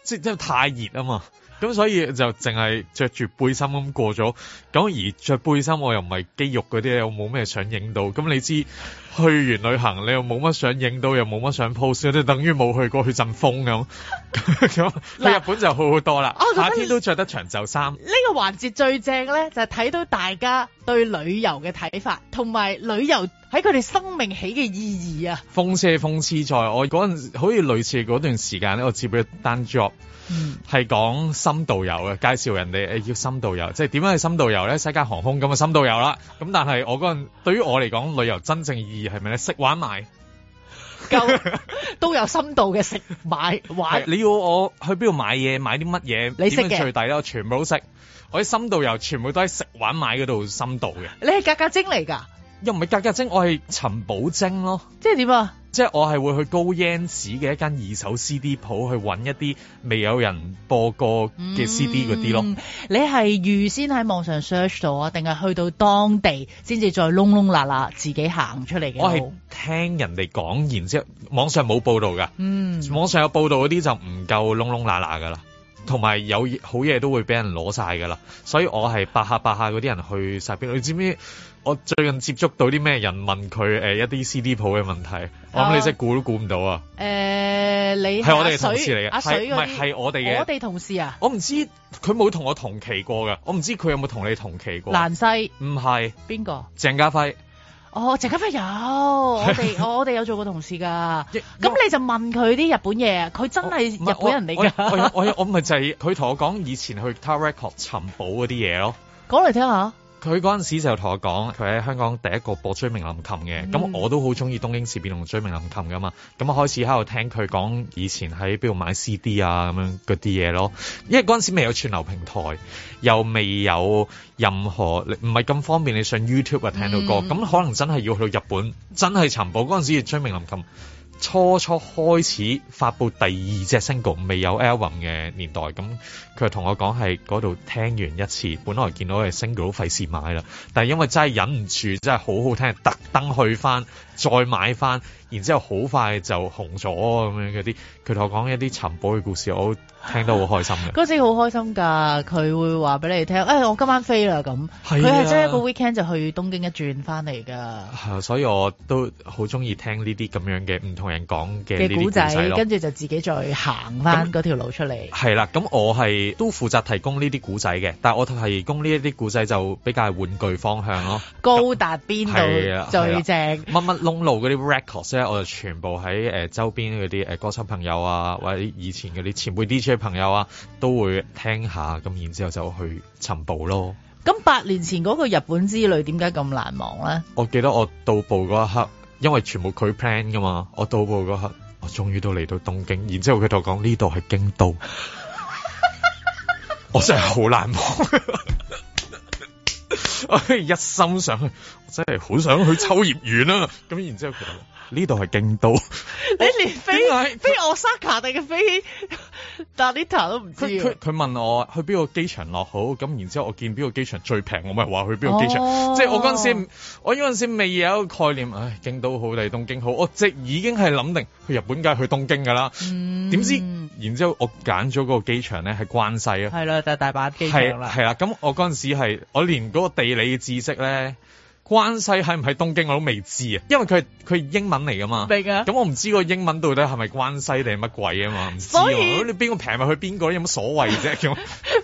即係真係太熱啊嘛，咁所以就淨係着住背心咁過咗，咁而着背心我又唔係肌肉嗰啲，我冇咩想影到，咁你知。去完旅行，你又冇乜想影到，又冇乜想 post，等於冇去過，去陣風咁。咁 去日本就好好多啦，夏天都着得長袖衫。呢個環節最正咧，就係、是、睇到大家對旅遊嘅睇法，同埋旅遊喺佢哋生命起嘅意義啊。風車風痴在，我嗰陣好似類似嗰段時間咧，我接咗單 job，係、嗯、講深度遊嘅，介紹人哋要深度遊，即係點樣去深度遊咧？西加航空咁嘅深度遊啦。咁但係我嗰陣對於我嚟講，旅遊真正意義。而係咪咧，食玩買，夠都有深度嘅食買玩。你要我去邊度買嘢，買啲乜嘢？你識嘅最底咧，我全部都食！我啲深度又全部都喺食玩買嗰度深度嘅。你係格格精嚟噶？又唔係格格精，我係尋寶精咯。即係點啊？即係我係會去高 ъens 嘅一間二手 CD 鋪，去揾一啲未有人播過嘅 CD 嗰、嗯、啲咯。你係預先喺網上 search 到啊，定係去到當地先至再窿窿罅罅自己行出嚟嘅？我係聽人哋講，然之後網上冇報道㗎。嗯，網上有報道嗰啲就唔夠窿窿罅罅㗎啦。同埋有，有好嘢都會俾人攞晒噶啦，所以我係百下百下嗰啲人去晒邊度？你知唔知我最近接觸到啲咩人問佢誒一啲 CD 鋪嘅問題？我諗你即係估都估唔到啊！誒、啊呃，你係我哋嘅同事嚟嘅，阿水唔係係我哋嘅，我哋同事啊！我唔知佢冇同我同期過㗎。我唔知佢有冇同你同期過。蘭西唔係邊個？鄭家輝。哦，陳家輝有， 我哋我哋有做過同事噶，咁 你就問佢啲日本嘢，佢真係日本人嚟㗎。我我我咪就係佢同我講以前去 Taroko 尋寶嗰啲嘢咯，講嚟聽下。佢嗰陣時就同我講，佢喺香港第一個播椎名林檎嘅，咁、嗯、我都好中意東京事變同椎名林檎㗎嘛，咁開始喺度聽佢講以前喺邊度買 CD 啊咁樣嗰啲嘢咯，因為嗰陣時未有串流平台，又未有任何唔係咁方便你上 YouTube、啊、聽到歌，咁、嗯、可能真係要去到日本，真係尋寶嗰陣時椎名林檎，初初開始發布第二隻 single 未有 album 嘅年代咁。佢同我講係嗰度聽完一次，本來見到係 single 都費事買啦，但係因為真係忍唔住，真係好好聽，特登去翻再買翻，然之後好快就紅咗咁樣嗰啲。佢同我講一啲尋寶嘅故事，我聽得好開心嘅。嗰陣好開心㗎，佢會話俾你聽，誒、哎、我今晚飛啦咁。佢係、啊、真係一個 weekend 就去東京一轉翻嚟㗎。係，所以我都好中意聽呢啲咁樣嘅唔同人講嘅嘅古仔，跟住就自己再行翻嗰條路出嚟。係啦，咁、啊、我係。都負責提供呢啲古仔嘅，但係我提供呢一啲古仔就比較係玩具方向咯。高達邊度、啊、最正？乜乜窿路嗰啲 records 咧，我就全部喺誒、呃、周邊嗰啲誒歌手朋友啊，或者以前嗰啲前輩 DJ 朋友啊，都會聽一下，咁然之後就去尋寶咯。咁八年前嗰個日本之旅點解咁難忘咧？我記得我到埗嗰一刻，因為全部佢 plan 噶嘛，我到埗嗰刻，我終於都嚟到東京，然之後佢就講呢度係京都。我真係好難忘， 我一心想去，我真係好想去秋葉原啦、啊。咁然之後佢話呢度係京都 ，你連飛往飛奧沙卡定嘅飛達尼塔都唔知。佢佢問我去邊個機場落好，咁然之後我見邊個機場最平，我咪話去邊個機場。哦、即係我嗰陣時，我嗰陣時未有一個概念，唉、哎，京都好定東京好，我即已經係諗定去日本梗係去東京㗎啦。點、嗯、知然之後我揀咗嗰個機場呢，係關西啊。係啦，就係大阪機場啦。係啦，咁我嗰陣時係我連嗰個地理知識呢。關西喺唔喺東京我都未知啊，因為佢佢英文嚟噶嘛，咁、啊、我唔知個英文到底係咪關西定乜鬼啊嘛，所以邊個平咪去邊個，有乜所謂啫？嗰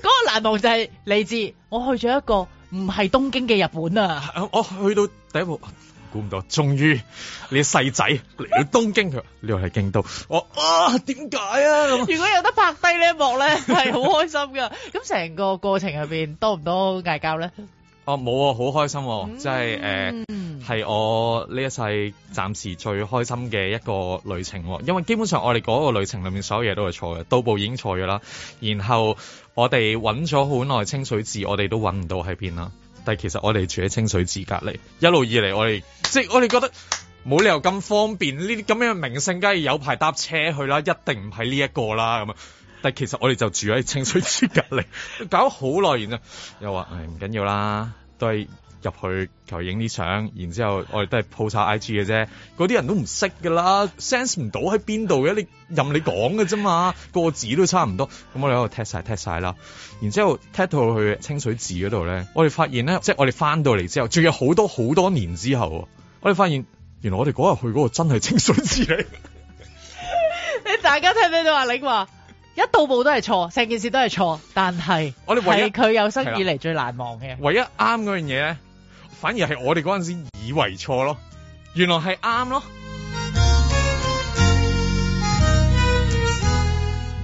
個難忘就係嚟自我去咗一個唔係東京嘅日本啊！嗯、我去到第一步估唔到，終於你細仔嚟到東京，佢呢度係京都，我啊點解啊？啊 如果有得拍低呢一幕咧，係好開心噶！咁 成個過程入邊多唔多嗌交咧？哦，冇、啊，好開心、啊，即係誒，係、呃、我呢一世暫時最開心嘅一個旅程、啊，因為基本上我哋嗰個旅程裏面所有嘢都係錯嘅，到步已經錯咗啦，然後我哋揾咗好耐清水寺，我哋都揾唔到喺邊啦，但係其實我哋住喺清水寺隔離，一路以嚟我哋 即係我哋覺得冇理由咁方便，呢啲咁樣嘅名勝，梗係有排搭車去啦，一定唔係呢一個啦咁啊！但其實我哋就住喺清水寺隔籬，搞咗好耐，然之後又話唔緊要啦，都係入去求影啲相，然之後我哋都係 po 晒 IG 嘅啫，嗰啲人都唔識噶啦 ，sense 唔到喺邊度嘅，你任你講㗎啫嘛，個字都差唔多，咁我哋喺度踢晒踢晒啦，然之後踢到去清水寺嗰度咧，我哋發現咧，即係我哋翻到嚟之後，仲有好多好多年之後，我哋發現原來我哋嗰日去嗰個真係清水寺嚟。你大家聽唔聽到話令話？ 一到步都係錯，成件事都係錯，但係我哋係佢有生以嚟最難忘嘅。唯一啱嗰樣嘢咧，反而係我哋嗰陣時以為錯咯，原來係啱咯。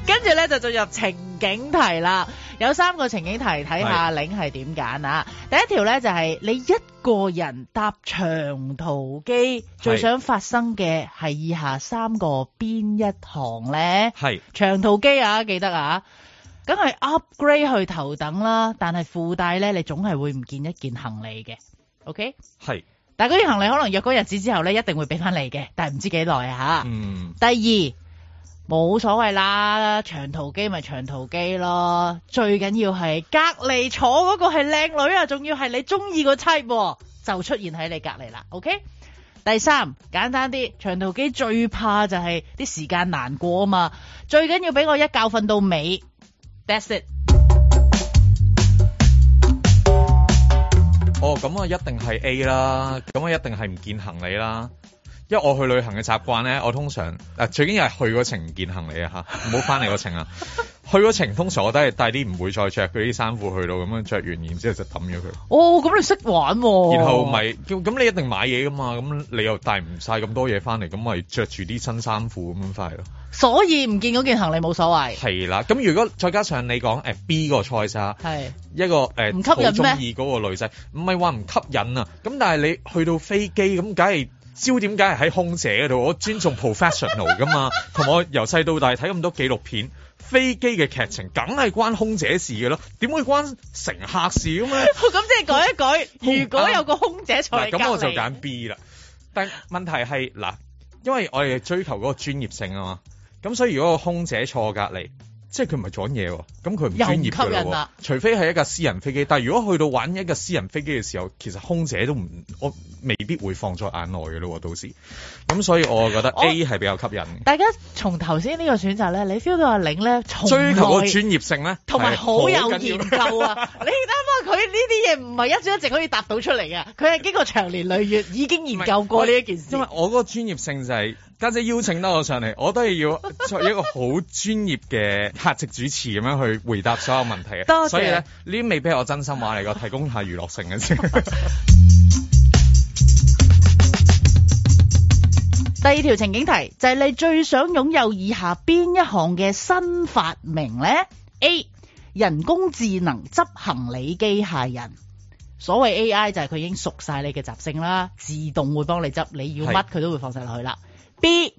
跟住咧就進入情景題啦。有三個情景題睇下，看看領係點揀啊？第一條咧就係、是、你一個人搭長途機，最想發生嘅係以下三個邊一行咧？係長途機啊，記得啊，梗係 upgrade 去頭等啦，但係附帶咧，你總係會唔見一件行李嘅。OK，係但嗰啲行李可能約嗰日子之後咧，一定會俾翻你嘅，但係唔知幾耐啊？吓、嗯，第二。冇所謂啦，長途機咪長途機咯，最緊要係隔離坐嗰個係靚女啊，仲要係你中意個 type，就出現喺你隔離啦。OK，第三簡單啲，長途機最怕就係啲時間難過啊嘛，最緊要俾我一覺瞓到尾。That's it。哦，咁啊，一定係 A 啦，咁啊，一定係唔見行李啦。因為我去旅行嘅習慣咧，我通常誒、啊，最緊要係去個程唔見行李啊吓，唔好翻嚟個程啊。 去個程通常我都係帶啲唔會再着佢啲衫褲去到，咁樣着完然之後就抌咗佢。哦，咁你識玩、啊，然後咪叫咁你一定買嘢噶嘛，咁你又帶唔晒咁多嘢翻嚟，咁咪着住啲新衫褲咁樣翻嚟咯。所以唔見嗰件行李冇所謂。係啦，咁如果再加上你講誒 B 個 size 係一個誒好中意嗰個女仔，唔係話唔吸引啊，咁但係你去到飛機咁，梗係、嗯。焦點梗係喺空姐嗰度，我尊重 professional 噶嘛。同 我由細到大睇咁多紀錄片，飛機嘅劇情梗係關空姐事嘅咯，點會關乘客事咁咧？咁即係改一改、嗯，如果有個空姐坐隔離，咁我就揀 B 啦。但問題係嗱，因為我哋追求嗰個專業性啊嘛，咁所以如果個空姐坐隔離。即係佢唔係撞嘢喎，咁佢唔專業㗎喇。除非係一架私人飛機，但如果去到玩一架私人飛機嘅時候，其實空姐都唔，我未必會放在眼內嘅咯。到時，咁所以我覺得 A 係比較吸引。大家從頭先呢個選擇咧，你 feel 到阿玲咧追求個專業性咧，同埋好有研究啊！ 你諗下佢呢啲嘢唔係一傳一紙可以答到出嚟嘅，佢係經過長年累月已經研究過呢一件事。因為我嗰個專業性就係、是。家姐邀請到我上嚟，我都係要作一個好專業嘅客席主持，咁樣去回答所有問題。 多謝。所以咧，呢啲未必係我真心話嚟，㗎提供一下娛樂性嘅先。第二條情景題就係你最想擁有以下邊一項嘅新發明咧？A 人工智能執行李機械人。所謂 A I 就係佢已經熟晒你嘅習性啦，自動會幫你執你要乜，佢都會放晒落去啦。B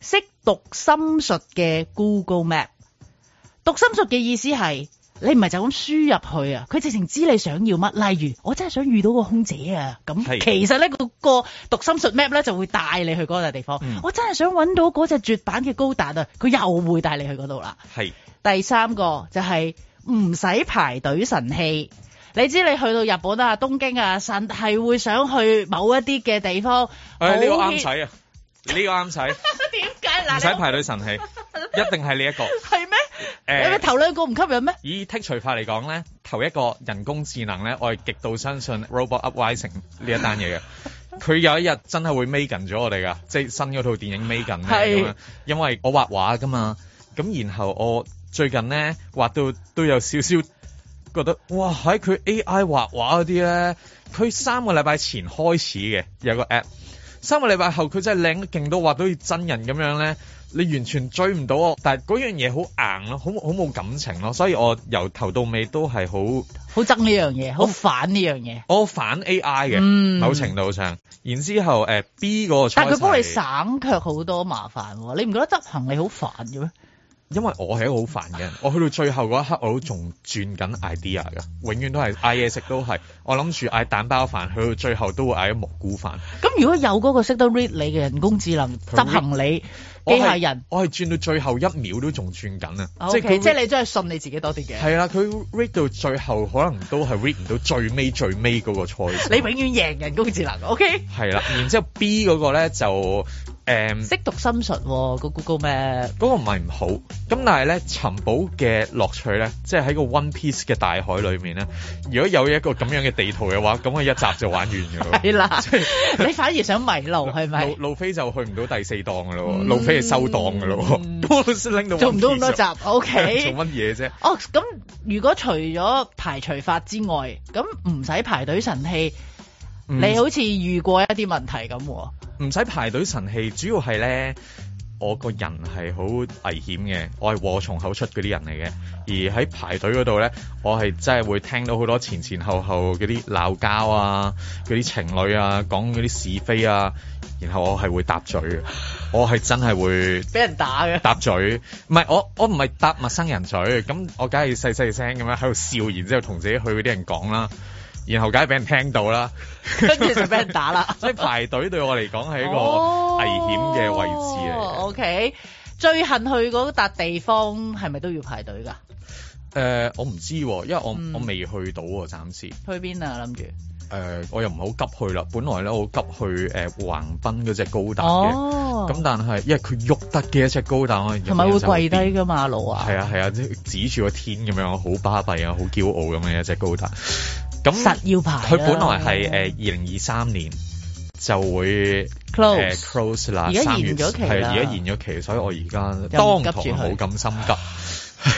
識讀心術嘅 Google Map，讀心術嘅意思係你唔係就咁輸入去啊，佢直情知你想要乜。例如我真係想遇到個空姐啊，咁其實呢個、那個讀心術 Map 呢就會帶你去嗰個地方。嗯、我真係想揾到嗰隻絕版嘅高達啊，佢又會帶你去嗰度啦。係第三個就係唔使排隊神器。你知你去到日本啊、東京啊，梗係會想去某一啲嘅地方。你好啱使啊！呢、這個啱使，點解？唔使排隊神器，一定係呢一個。係咩？誒、呃，你頭兩個唔吸引咩？以剔除法嚟講咧，頭一個人工智能咧，我係極度相信 Robot Uprising 呢一單嘢嘅。佢 有一日真係會 Megan 咗我哋噶，即係新嗰套電影 Megan 咁樣。因為我畫畫噶嘛，咁然後我最近咧畫到都有少少覺得，哇！喺佢 AI 畫畫嗰啲咧，佢三個禮拜前開始嘅有個 app。三個禮拜後佢真係靚得勁到話到似真人咁樣咧，你完全追唔到我。但係嗰樣嘢好硬咯，好好冇感情咯，所以我由頭到尾都係好好憎呢樣嘢，好反呢樣嘢。我反 A.I. 嘅，嗯，某程度上。然之後誒 B 嗰個，但係佢幫你省卻好多麻煩，你唔覺得執行李好煩嘅咩？因為我係一個好煩嘅人，我去到最後嗰一刻，我都仲轉緊 idea 噶，永遠都係嗌嘢食都係，我諗住嗌蛋包飯。去到最後都會嗌蘑菇飯。咁如果有嗰個識得 read 你嘅人工智能執行你。 機械人，我係轉到最後一秒都仲轉緊啊！Okay, 即係即你真係信你自己多啲嘅。係啦，佢 read 到最後可能都係 read 唔到最尾最尾嗰個賽事。你永遠贏人工智能。O K。係啦，然之後 B 嗰個咧就誒、um, 識讀心術喎、哦。嗰個 Google 咩？嗰個唔係唔好，咁但係咧尋寶嘅樂趣咧，即係喺個 One Piece 嘅大海裏面咧，如果有一個咁樣嘅地圖嘅話，咁 我一集就玩完㗎咯。你反而想迷路係咪？路 飛飛就去唔到第四檔喇咯，路飛。收檔噶咯，嗯、 拎到做唔到咁多集。 o、okay、K，做乜嘢啫？哦，咁如果除咗排除法之外，咁唔使排隊神器，嗯、你好似遇過一啲問題咁？唔使排隊神器，主要係咧，我個人係好危險嘅，我係禍從口出嗰啲人嚟嘅。而喺排隊嗰度咧，我係真係會聽到好多前前後後嗰啲鬧交啊、嗰啲情侶啊、講嗰啲是非啊。然後我係會搭嘴，我係真係會俾人打嘅。搭嘴，唔係我我唔係搭陌生人嘴，咁我梗係細細聲咁樣喺度笑，然之後同自己去嗰啲人講啦，然後梗係俾人聽到啦，跟住就俾人打啦。 所以排隊對我嚟講係一個危險嘅位置啊。O、oh, K，、okay. 最恨去嗰笪地方係咪都要排隊噶？誒、呃，我唔知，因為我、嗯、我未去到暫時。去邊啊？諗住。誒、呃，我又唔好急去啦。本來咧，我急去誒、呃、橫濱嗰隻高達嘅，咁、oh. 但係因為佢喐得嘅一隻高達，同埋會跪低㗎嘛，老啊？係啊係啊，指住個天咁樣，好巴閉啊，好驕傲咁樣一隻高達。咁實要排、啊。佢本來係誒二零二三年就會 close、呃、close 啦。而家延咗期啦。而家延咗期，所以我而家當堂冇咁心急。 這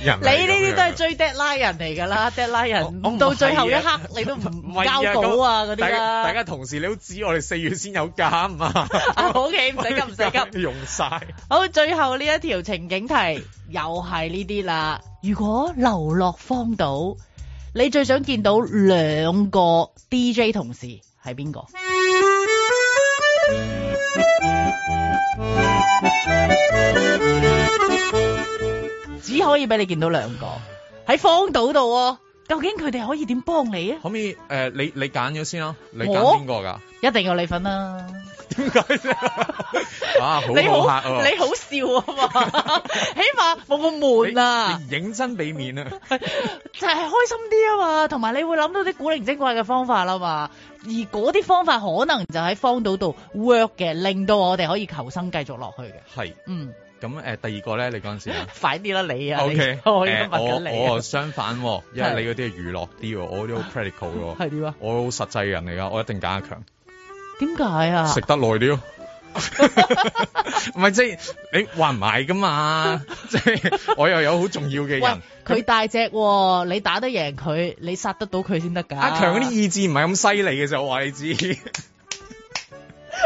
你呢啲都係追 Deadline 人嚟㗎啦，Deadline 人、 啊、到最後一刻你都唔交稿啊，嗰啲大家同事，你都知我哋四月先有假啊。OK 唔使急唔使急。不用晒 好，最後呢一條情景題 又係呢啲啦。如果流落荒島，你最想見到兩個 DJ 同事係邊個？ 只可以俾你見到兩個喺荒島度，哦，究竟佢哋可以點幫你，呢可可、呃、你，你啊？可唔可以誒？你你揀咗先咯，你揀邊個噶？一定要你份啦。點解啫？啊， 你好好啊！ 你好笑啊嘛， 起碼冇咁悶啊，認真俾面啊， 就係開心啲啊嘛。同埋你會諗到啲古靈精怪嘅方法啦嘛，而嗰啲方法可能就喺荒島度 work 嘅，令到我哋可以求生繼續落去嘅。係，嗯。咁、呃、第二個咧，你嗰陣時快啲啦，你啊，O、okay, K，我問、呃、我,你、啊、我,我相反，因為你嗰啲係娛樂啲，我啲好 critical 喎，係啲啊？我好實際人嚟噶，我一定揀阿強。點解啊？食得耐啲唔係即係你話唔埋噶嘛，即 係 我又有好重要嘅人。佢大隻、哦，你打得贏佢，你殺得到佢先得㗎。阿強啲意志唔係咁犀利嘅就我話你知。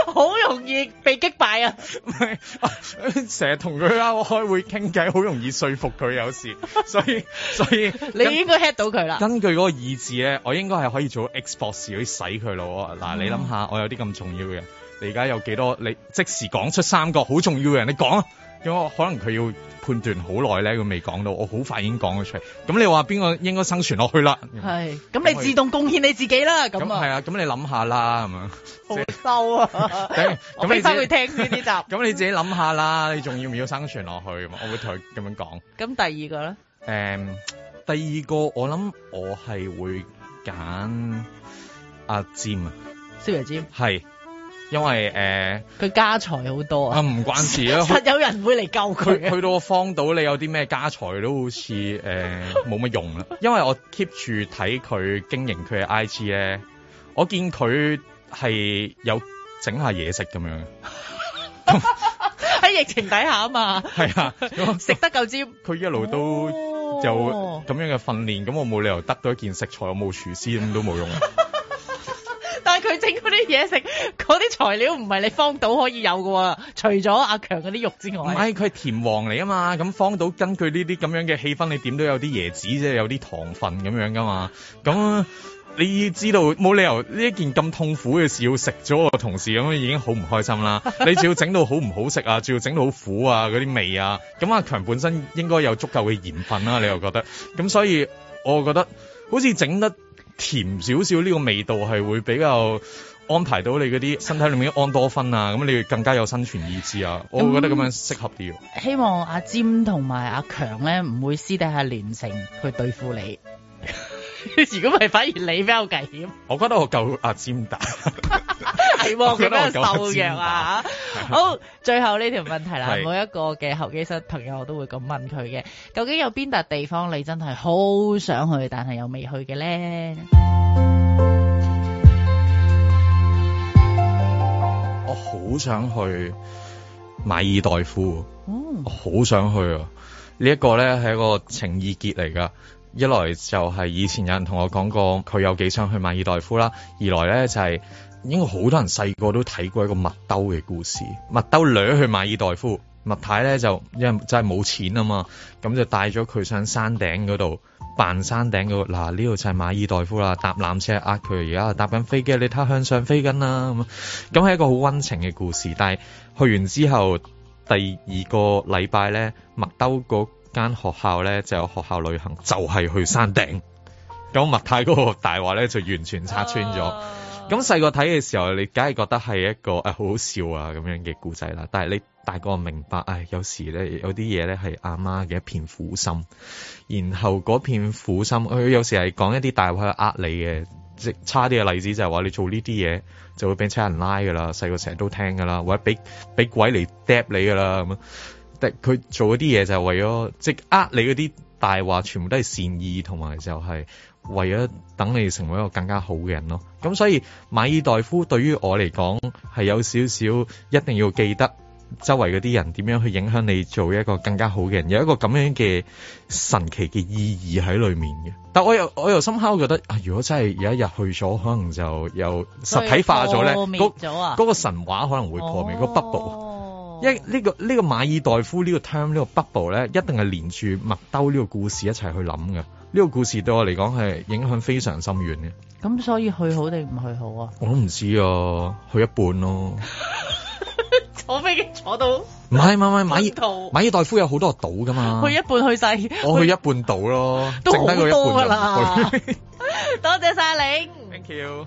好 容易被擊敗啊！係，成日同佢啊。我開會傾偈，好容易說服佢有時，所以 所以你應該 hit 到佢啦。根據嗰個意志咧，我應該係可以做 X 博士去洗佢咯。嗱、嗯，你諗下，我有啲咁重要嘅人，你而家有幾多？你即時講出三個好重要嘅人，你講啊！因為可能佢要判斷好耐咧，佢未講到，我好快已經講咗出嚟。咁你話邊個應該生存落去啦？係，咁你自動貢獻你自己啦。咁係啊，咁你諗下啦，係咪？好收啊！我返去聽呢啲集。咁、啊、 你，你， 你自己諗 下啦，你仲要唔要生存落去？ 我會同佢咁樣講。咁第二個咧？誒、嗯，第二個我諗我係會揀阿 Jim，逍遙 Jim 係。Jim 因為誒，佢、呃、家財好多啊，唔、啊、關事咯。實有人會嚟救佢、啊。去到個荒島，你有啲咩家財都好似誒冇乜用啦。 因為我 keep 住睇佢經營佢嘅 I G 咧，我見佢係有整下嘢食咁樣。喺 疫情底下啊嘛，係 啊，食得夠尖。佢 一路都有咁樣嘅訓練，咁、哦、我冇理由得到一件食材，我冇廚師咁都冇用。 佢整嗰啲嘢食，嗰啲材料唔係你荒島可以有嘅喎，除咗阿強嗰啲肉之外，唔係佢係甜黃嚟啊嘛。咁荒島根據呢啲咁樣嘅氣氛，你點都有啲椰子，即係有啲糖分咁樣噶嘛。咁你知道，冇理由呢一件咁痛苦嘅事要食咗個同事咁樣，已經好唔開心啦。你仲要整到好唔好食啊？仲 要整到好苦啊嗰啲味啊。咁阿強本身應該有足夠嘅鹽分啦、啊，你又覺得？咁所以我覺得好似整得。甜少少呢個味道係會比較安排到你嗰啲身體裏面嘅安多酚啊，咁 你會更加有生存意志啊，嗯、我會覺得咁樣適合啲。希望阿占同埋阿強咧唔會私底下聯成去對付你，如果唔係反而你比較危險。我覺得我夠阿占大。 希望佢都受養啊！ 好，最後呢條問題啦， 每一個嘅候機室朋友，我都會咁問佢嘅，究竟有邊笪地方你真係好想去，但係又未去嘅咧？我好想去馬爾代夫，好、嗯、我好想去啊！這個、呢一個咧係一個情意結嚟噶，一來就係以前有人同我講過，佢有幾想去馬爾代夫啦，二來咧就係、是。應該好多人細個都睇過一個麥兜嘅故事。麥兜掠去馬爾代夫，麥太咧就因為真係冇錢啊嘛，咁就帶咗佢上山頂嗰度，扮山頂嗰、那、度、個，嗱、啊，呢度就係馬爾代夫啦，搭纜車呃佢，而家搭緊飛機，你睇下向上飛緊啦咁。咁係一個好溫情嘅故事，但係去完之後第二個禮拜咧，麥兜嗰間學校咧就有學校旅行，就係、是、去山頂。咁 麥太嗰個大話咧就完全拆穿咗。啊咁細個睇嘅時候，你梗係覺得係一個誒、哎、好好笑啊咁樣嘅故仔啦。但係你大個明白，誒有時咧有啲嘢咧係阿媽嘅一片苦心，然後嗰片苦心佢有時係講一啲大話去呃你嘅，即差啲嘅例子就係、是、話你做呢啲嘢就會俾差人拉噶啦，細個成日都聽噶啦，或者俾俾鬼嚟釘你噶啦咁。但係佢做嗰啲嘢就係為咗即呃你嗰啲大話，全部都係善意同埋就係、是。為咗等你成為一個更加好嘅人咯，咁所以馬爾代夫對於我嚟講係有少少一定要記得周圍嗰啲人點樣去影響你做一個更加好嘅人，有一個咁樣嘅神奇嘅意義喺裏面嘅。但我又我又深刻覺得，啊如果真係有一日去咗，可能就又實體化咗咧，破滅咗啊，嗰，嗰個神話可能會破滅，oh. 個 bubble，因為呢個呢個馬爾代夫呢個 term 呢個 bubble 咧，一定係連住麥兜呢個故事一齊去諗嘅。呢、這個故事對我嚟講係影響非常深遠嘅。咁所以去好定唔去好啊？我都唔知啊，去一半咯。 坐飛機坐到。唔係唔係唔係，馬爾代夫有好多島噶嘛。去一半去晒，我去一半島咯。都剩低個一半噶啦。 多謝晒你。Thank you。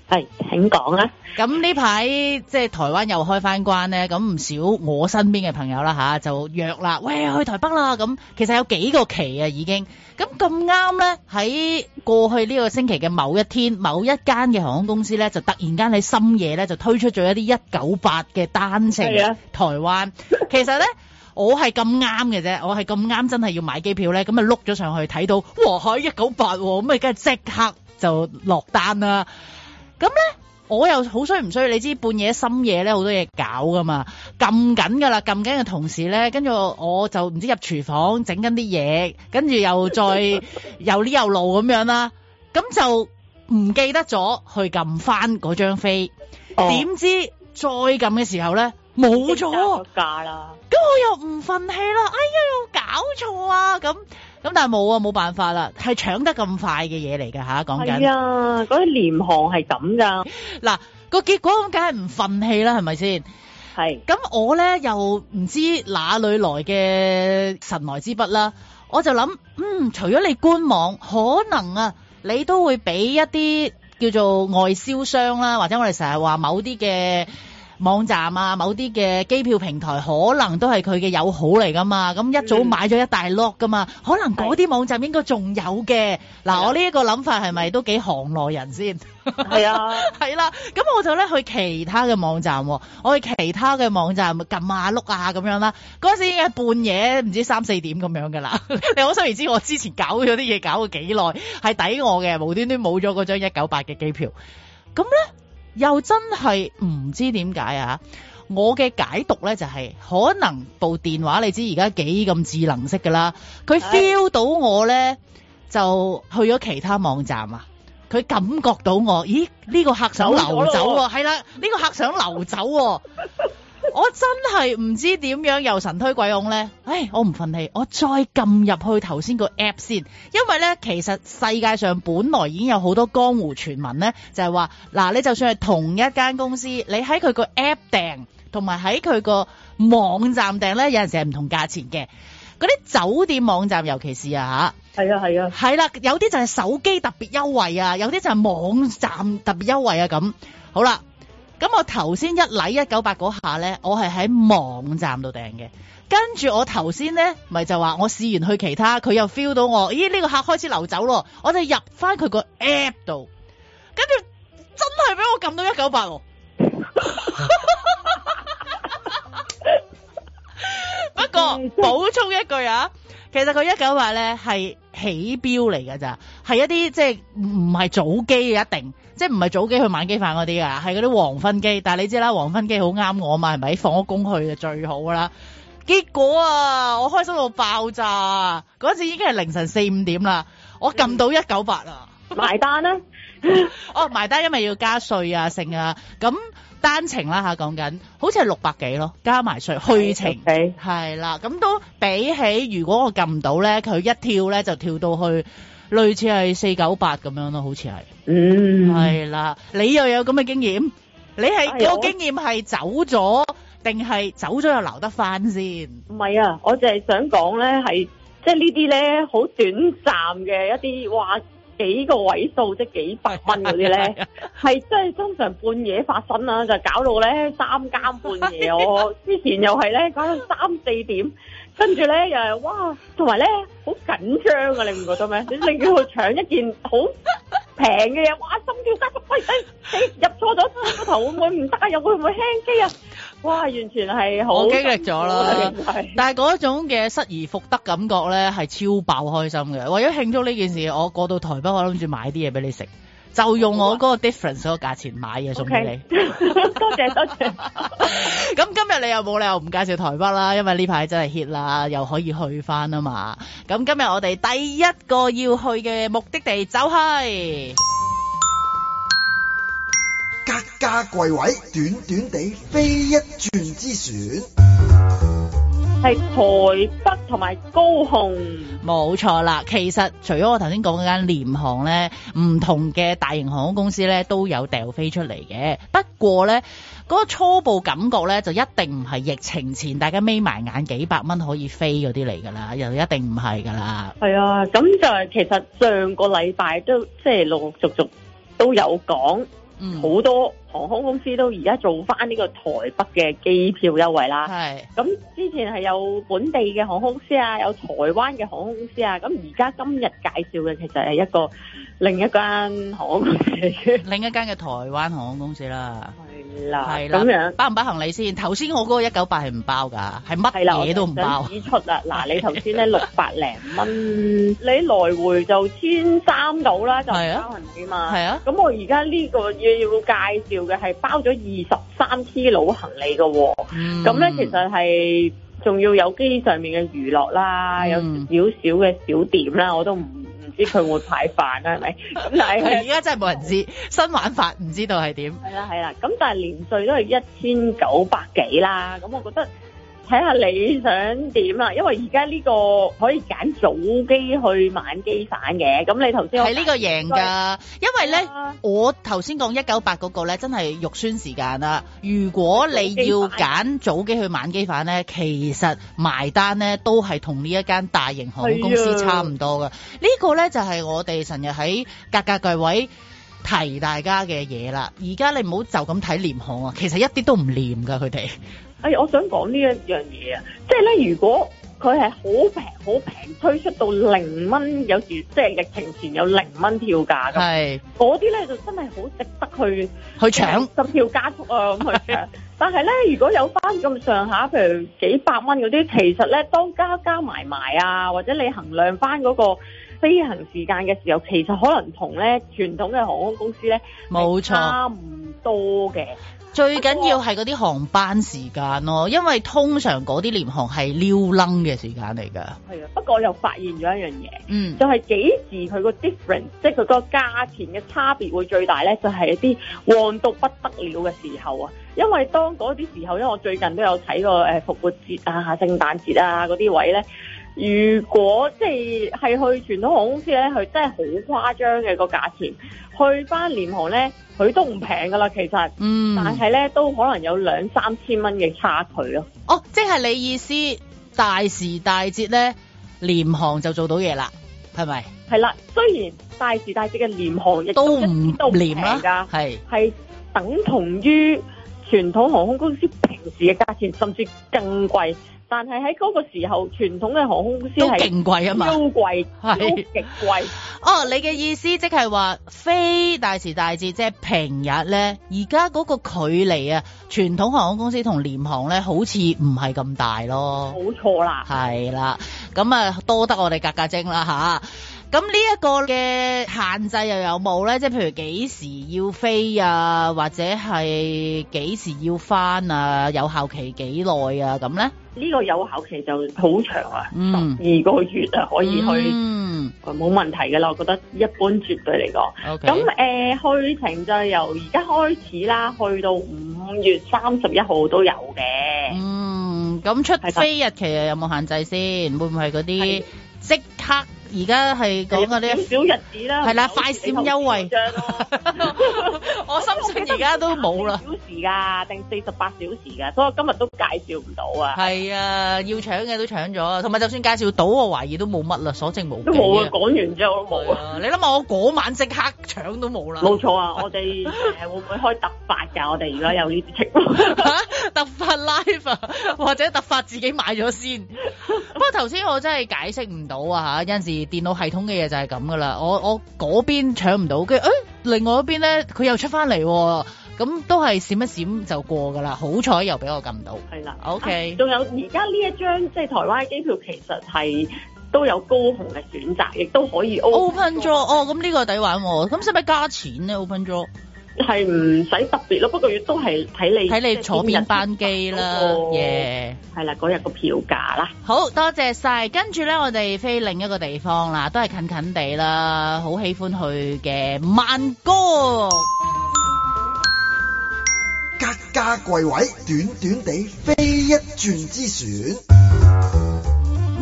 係，請講啦。咁呢排即係台灣又開翻關咧，咁唔少我身邊嘅朋友啦吓，就約啦，喂，去台北啦。咁其實有幾個期啊，已經咁咁啱咧。喺過去呢個星期嘅某一天，某一間嘅航空公司咧，就突然間喺深夜咧就推出咗一啲一九八嘅單程台灣。其實咧，我係咁啱嘅啫，我係咁啱，真係要買機票咧，咁啊碌咗上去睇到哇，係一九八，咁啊，梗係即刻就落單啦。咁咧，我又好衰唔衰？你知半夜深夜咧，好多嘢搞噶嘛，撳緊噶啦，撳緊嘅同時咧，跟住我就唔知入廚房整緊啲嘢，跟住又再 又呢又路咁樣啦，啊，咁就唔記得咗去撳翻嗰張飛，點、oh. 知再撳嘅時候咧冇咗，咁我又唔忿氣啦，哎呀，我搞錯啊咁。咁但係冇啊，冇辦法啦，係搶得咁快嘅嘢嚟噶吓，講緊啊，嗰啲、啊那個、廉航係咁噶，嗱、那個結果咁梗係唔忿氣啦，係咪先？係，咁我咧又唔知哪裏來嘅神來之筆啦，我就諗，嗯，除咗你官網，可能啊，你都會俾一啲叫做外銷商啦，或者我哋成日話某啲嘅。網站啊，某啲嘅機票平台可能都係佢嘅友好嚟噶嘛，咁一早買咗一大碌噶嘛，嗯，可能嗰啲網站應該仲有嘅。嗱，我呢一個諗法係咪都幾行內人先？係啊，係啦，咁 我就咧去其他嘅網站，我去其他嘅網站咪撳下碌啊咁樣啦。嗰陣時應該係半夜唔知三四點咁樣噶啦。 你可想而知我之前搞咗啲嘢搞咗幾耐，係抵我嘅無端端冇咗嗰張一九八嘅機票。咁咧。又真係唔知點解啊！我嘅解讀咧就係、是、可能部電話你知而家幾咁智能式噶啦，佢 feel 到我咧就去咗其他網站啊！佢感覺到我，咦？呢、呢個客想流走喎，係啦，呢個客想流走喎、啊。走 我真係唔知點樣又神推鬼用咧，唉！我唔忿氣，我再撳入去頭先個 app 先，因為咧其實世界上本來已經有好多江湖傳聞咧，就係話嗱，你就算係同一間公司，你喺佢個 app 訂同埋喺佢個網站訂咧，有陣時係唔同價錢嘅。嗰啲酒店網站尤其是啊嚇，係啊係啊，係啦，有啲就係手機特別優惠啊，有啲就係網站特別優惠啊咁。好啦。咁我頭先一禮一九八嗰下咧，我係喺網站度訂嘅，跟住我頭先咧，咪就話我試完去其他，佢又 feel 到我，咦、哎、呢、這個客開始流走咯，我就入翻佢個 app 度，跟住真係俾我撳到一九八喎， 不過補充一句啊。其實佢一九八咧，係起標嚟噶咋，係一啲即係唔係早機嘅一定，即係唔係早機去晚機飯嗰啲啊，係嗰啲黃昏機。但係你知啦，黃昏機好啱我嘛，係咪放咗工去就最好啦。結果啊，我開心到爆炸，嗰時已經係凌晨四五點啦，我撳到一九八啦埋單啦，啊。 哦，埋單因為要加稅啊剩啊，咁。單程啦吓，講緊好似係六百幾咯，加埋稅虛程係、okay. 啦，咁都比起如果我撳唔到咧，佢一跳咧就跳到去類似係四九八咁樣咯，好似係嗯，係啦，你又有咁嘅經驗，你係、這個經驗係走咗定係走咗又留得翻先？唔係啊，我就係想講咧，係即係呢啲咧好短暫嘅一啲話。幾個位數即幾百蚊嗰啲咧，係真係通常半夜發生啦，就搞到咧三更半夜。我之前又係咧搞到三四點，跟住咧又係哇，同埋咧好緊張啊！你唔覺得咩？你你要去搶一件好平嘅嘢，哇！心跳加速，喂喂，你入錯咗個頭會唔會唔得啊？又會唔會輕機啊？哇，完全係好，我經歷咗啦，但係嗰種嘅失而復得感覺咧係超爆開心嘅。為咗慶祝呢件事，我過到台北，我諗住買啲嘢俾你食，就用我嗰個 difference 個價錢買嘢送俾你，okay。 多。多謝多謝。咁 今日你又冇理由唔介紹台北啦，因為呢排真係 hit 啦，又可以去翻啊嘛。咁今日我哋第一個要去嘅目的地就係。走格價貴位，短短地飛一轉之選，係台北同埋高雄，冇錯啦。其實除咗我頭先講嗰間廉航咧，唔同嘅大型航空公司咧都有掉飛出嚟，嘅不過咧，嗰個初步感覺咧就一定唔係疫情前大家眯埋眼幾百蚊可以飛嗰啲嚟噶啦，又一定唔係噶啦。係啊，咁就係其實上個禮拜都即係陸陸續續都有講。嗯、好多航空公司都而家做翻呢個台北嘅機票優惠啦。係，咁之前係有本地嘅航空公司啊，有台灣嘅航空公司啊。咁而家今日介紹嘅其實係一個另一間航空公司嘅，另一間嘅台灣航空公司啦。嗱，咁樣包唔包行李先？頭先我嗰個一九八係唔包噶，係乜嘢都唔包。想指出啦，嗱， 你頭先咧六百零蚊，你來回就千三到啦，就唔包啊，行李嘛。係啊，咁我而家呢個要介紹嘅係包咗二十三 T 老行李喎。咁、嗯、咧其實係仲要有機上面嘅娛樂啦，有少少嘅小點啦，我都唔 知佢會派飯啦，係咪？咁？但係佢而家真係冇人知 新玩法，唔知道係點係啦，係啦。咁但係年歲都係一千九百幾啦，咁我覺得。睇下你想點啦，因為而家呢個可以揀早機去晚機反嘅，咁你頭先係呢個贏㗎，因為呢，啊、我頭先講一九八嗰個呢，真係肉酸時間啦。如果你要揀早機去晚機反呢，其實埋單呢都係同呢一間大型航空公司差唔多噶。呢、呢個呢，就係我哋成日喺格格櫃位提大家嘅嘢啦。而家你唔好就咁睇廉航啊，其實一啲都唔廉噶，佢哋。哎，我想講呢一樣嘢啊，即係咧，如果佢係好平好平推出到零蚊，有時即係疫情前有零蚊票價咁，嗰啲咧就真係好值得去去搶十票加速啊，咁去搶。呃、去搶 但係咧，如果有翻咁上下，譬如幾百蚊嗰啲，其實咧當加加埋埋啊，或者你衡量翻嗰個飛行時間嘅時候，其實可能同咧傳統嘅航空公司咧冇差唔多嘅。.最緊要係嗰啲航班時間咯、哦，因為通常嗰啲廉航係撩楞嘅時間嚟㗎。係啊，不過我又發現咗一樣嘢，嗯，就係、是、幾時佢個 difference，即係佢個價錢嘅差別會最大咧，就係、是、一啲旺到不得了嘅時候啊。因為當嗰啲時候咧，因為我最近都有睇過誒、呃、復活節啊、聖誕節啊嗰啲位咧。如果即係去傳統航空公司呢，佢真係好誇張嘅個價錢。去翻廉航呢，佢都唔平噶啦，其實。嗯。但係呢，都可能有兩三千蚊嘅差距咯。哦，即係你意思大時大節呢，廉航就做到嘢啦，係咪？係啦，雖然大時大節嘅廉航亦都唔廉啊，係，係等同於傳統航空公司平時嘅價錢，甚至更貴。但係喺嗰個時候，傳統嘅航空公司係都勁貴啊嘛，都超貴，係極貴。哦，你嘅意思即係話，非大時大節，即係平日咧，而家嗰個距離啊，傳統航空公司同廉航咧，好似唔係咁大咯。冇錯啦。係啦，咁啊，多得我哋格格精啦嚇。咁呢一個嘅限制又有冇咧？即係譬如幾時要飛啊，或者係幾時要翻啊？有效期幾耐啊？咁咧呢個有效期就好長啊，十二個月啊，可以去嗯，冇問題噶啦，我覺得一般絕對嚟講。OK。咁誒，去程就由而家開始啦，去到五月三十一號都有嘅。嗯，咁出飛日期又有冇限制先？會唔會係嗰啲即刻？而家係講嗰啲小日子啦，係啦，快閃優惠。我心想而家都冇啦。小時㗎，定四十八小時㗎，所以我今日都介紹唔到啊。係啊，要搶嘅都搶咗，同埋就算介紹到，我懷疑都冇乜啦，所剩無幾啊。講完之後都冇啊！你諗下，我嗰晚即刻搶都冇啦。冇錯啊！我哋會唔會開突發㗎？我哋而家有呢啲情況，突發 live 啊，或者突發自己買咗先。不過頭先我真係解釋唔到啊嚇，有陣時，電腦系統嘅嘢就係咁噶啦，我我嗰邊搶唔到嘅，誒，另外一邊咧，佢又出翻嚟，啊，咁都係閃一閃就過噶啦，好彩又俾我撳到。係啦，OK。仲，啊、有而家呢一張即係台灣嘅機票，其實係都有高雄嘅選擇，亦都可以 open jaw。哦，咁呢個抵玩，啊，咁使唔使加錢咧？open jaw？係唔使特別咯，不過亦都係睇你睇你坐邊班機啦，耶，係、yeah、啦，嗰日個票價啦。好多謝晒，跟住咧我哋飛另一個地方啦，都係近近地啦，好喜歡去嘅曼谷，格價貴位，短短地飛一轉之船。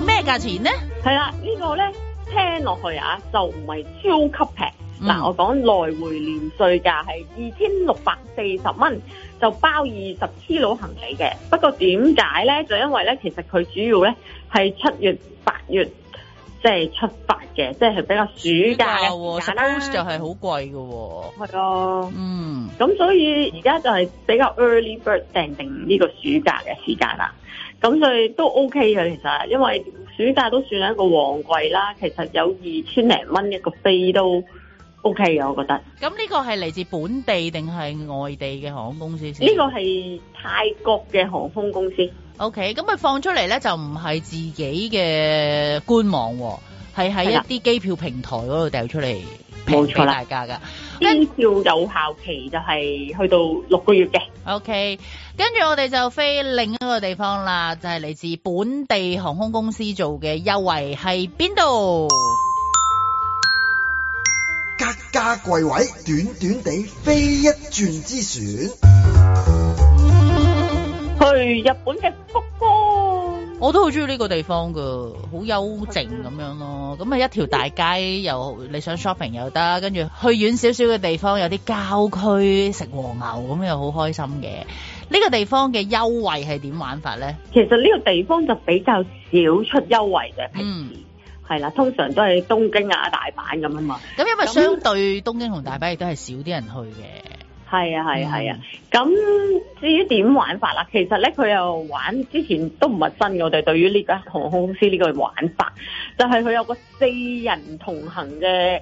咩價錢咧？係啦，這個、呢個咧聽落去啊，就唔係超級平。嗱、嗯，我講來回連稅價係二千六百四十蚊，就包二十 kilo 行李嘅。不過點解咧？就因為咧，其實佢主要咧係七月、八月即係出發嘅，即、就、係、是、比較暑假。就係好貴嘅喎，係咯，嗯。咁所以而家就係比較 early bird 訂定呢個暑假嘅時間啦。咁、哦哦嗯、所、所以都 OK 嘅，其實因為暑假都算係一個旺季啦。其實有二千零蚊一個飛都～O K 嘅，我覺得。咁呢個係嚟自本地定係外地嘅航空公司先？呢個係泰國嘅航空公司。O K，咁佢放出嚟咧就唔係自己嘅官網，係喺一啲機票平台嗰度掉出嚟，冇錯，平俾大家㗎。機票有效期就係去到六個月嘅。O K，跟住我哋就飛另一個地方啦，就係嚟自本地航空公司做嘅優惠係邊度？一家貴位，短短地飛一轉之船去日本嘅福岡，我都好中意呢個地方噶，好幽靜咁樣咯。咁啊一條大街又你想 shopping 又得，跟住去遠少少嘅地方，有啲郊區食和牛咁又好開心嘅。呢、這個地方嘅優惠係點玩法咧？其實呢個地方就比較少出優惠嘅，平、嗯、時。係啦，通常都係東京啊、大阪咁啊嘛。咁因為相對東京同大阪亦都係少啲人去嘅。係啊，係呀，係啊。咁、嗯、至於點玩法啦？其實咧，佢又玩之前都唔係新嘅。我哋對於呢間航空公司呢個玩法，就係、是、佢有個四人同行嘅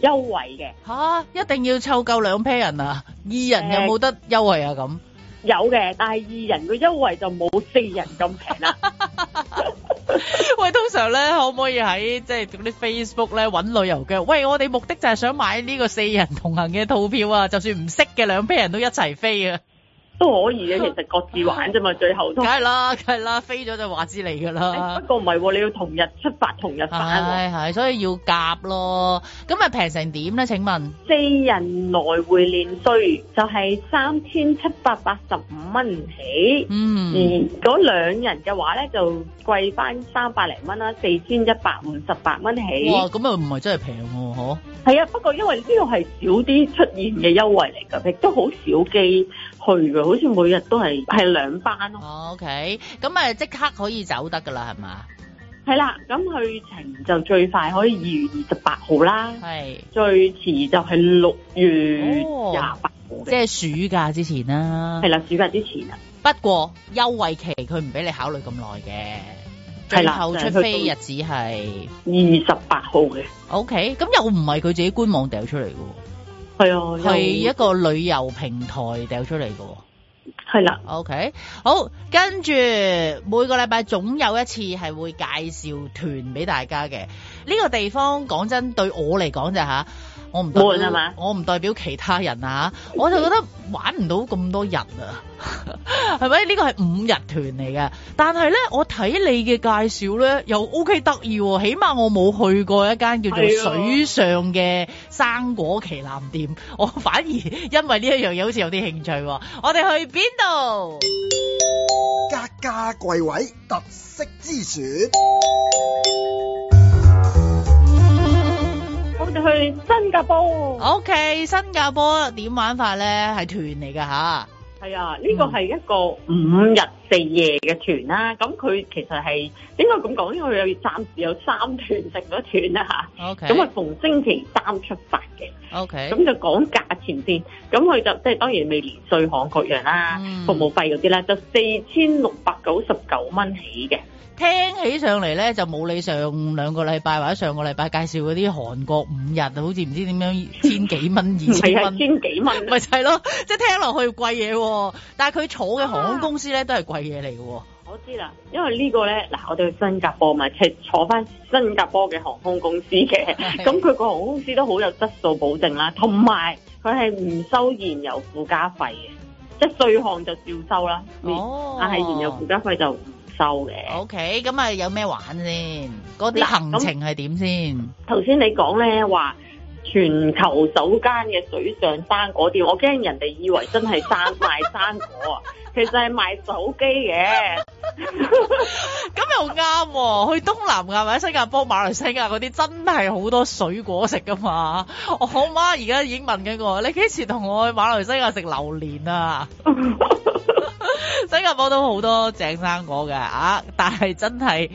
優惠嘅、啊。一定要湊夠兩批人啊，二人有冇得優惠啊？咁、呃？有嘅，但係二人嘅優惠就冇四人咁平啦。 喂，通常咧可唔可以喺即係嗰啲 Facebook 咧揾旅遊嘅？喂，我哋目的就係想買呢個四人同行嘅套票啊！就算唔識嘅兩批人都一齊飛啊！都可以嘅，其實各自玩啫嘛。 最後都梗係啦，梗係啦，飛咗就話之嚟噶啦。不過唔係你要同日出發同日返，係係，所以要夾咯。咁啊平成點咧？請問四人來回連稅就係三千七百八十五蚊起。嗯，嗰、嗯、兩人嘅話咧就貴翻三百零蚊啦，四千一百五十八蚊起。哇，咁啊唔係真係平喎，吓。係啊，不過因為呢個係少啲出現嘅優惠嚟噶，亦都好少機。去嘅，好似每日都係係兩班囉。OK，咁啊，即、okay, 刻可以走得噶啦，係嘛？係啦，咁去程就最快可以二月二十八號啦，係最遲就係六月廿八號，即、哦、係、就是、暑假之前啦。係啦，暑假之前。不過優惠期佢唔俾你考慮咁耐嘅，最後出飛日子係二十八號嘅。OK，咁又唔係佢自己官網掉出嚟嘅。係啊，係一個旅遊平台掉出嚟嘅，係啦。OK，好，跟住每個禮拜總有一次係會介紹團俾大家嘅。呢個地方講真對我嚟講就吓、是。我唔，我唔代表其他人啊！我就覺得玩唔到咁多人啊，係 咪？呢個係五日團嚟嘅，但係咧，我睇你嘅介紹咧又 OK 得意喎，起碼我冇去過一間叫做水上嘅生果旗艦店，我反而因為呢一樣嘢好似有啲興趣喎。我哋去邊度？家家貴位特色之選。我哋去新加坡。O、okay, K. 新加坡點玩法咧？係團嚟噶吓。係啊，呢、啊呢個係一個五日四夜嘅團啦。咁、嗯、佢其實係應該咁講，因為佢有暫時有三團成咗團啦吓。O K. 咁啊，逢星期三出發嘅。O K. 咁就講價錢先。咁佢就即係當然未連稅項各樣啦，服務費嗰啲啦，就四千六百九十九蚊起嘅。聽起上嚟，咧就冇你上兩個禮拜或者上個禮拜介紹嗰啲韓國五日，好似唔知點樣千幾蚊、二千 千幾蚊，咪就係、是、咯，即、就、係、是、聽落去貴嘢。但係佢坐嘅航空公司咧都係貴嘢嚟嘅。我知啦，因為呢個咧嗱，我哋去新加坡咪係坐翻、新加坡嘅航空公司嘅，咁佢個航空公司都好有質素保證啦，同埋佢係唔收燃油附加費嘅，即係稅項就照收啦、哦，但係燃油附加費就，收嘅，OK，咁啊有咩玩先？嗰啲行程係點先？頭先你講咧話全球首間嘅水上生果店，我驚人哋以為真係生賣生果啊，其實係賣手機嘅。咁又啱，去東南亞或者新加坡、馬來西亞嗰啲真係好多水果食噶嘛。我媽而家已經問緊我，你幾時同我去馬來西亞食榴槤啊？今日新加坡都好多正生果嘅啊！但係真係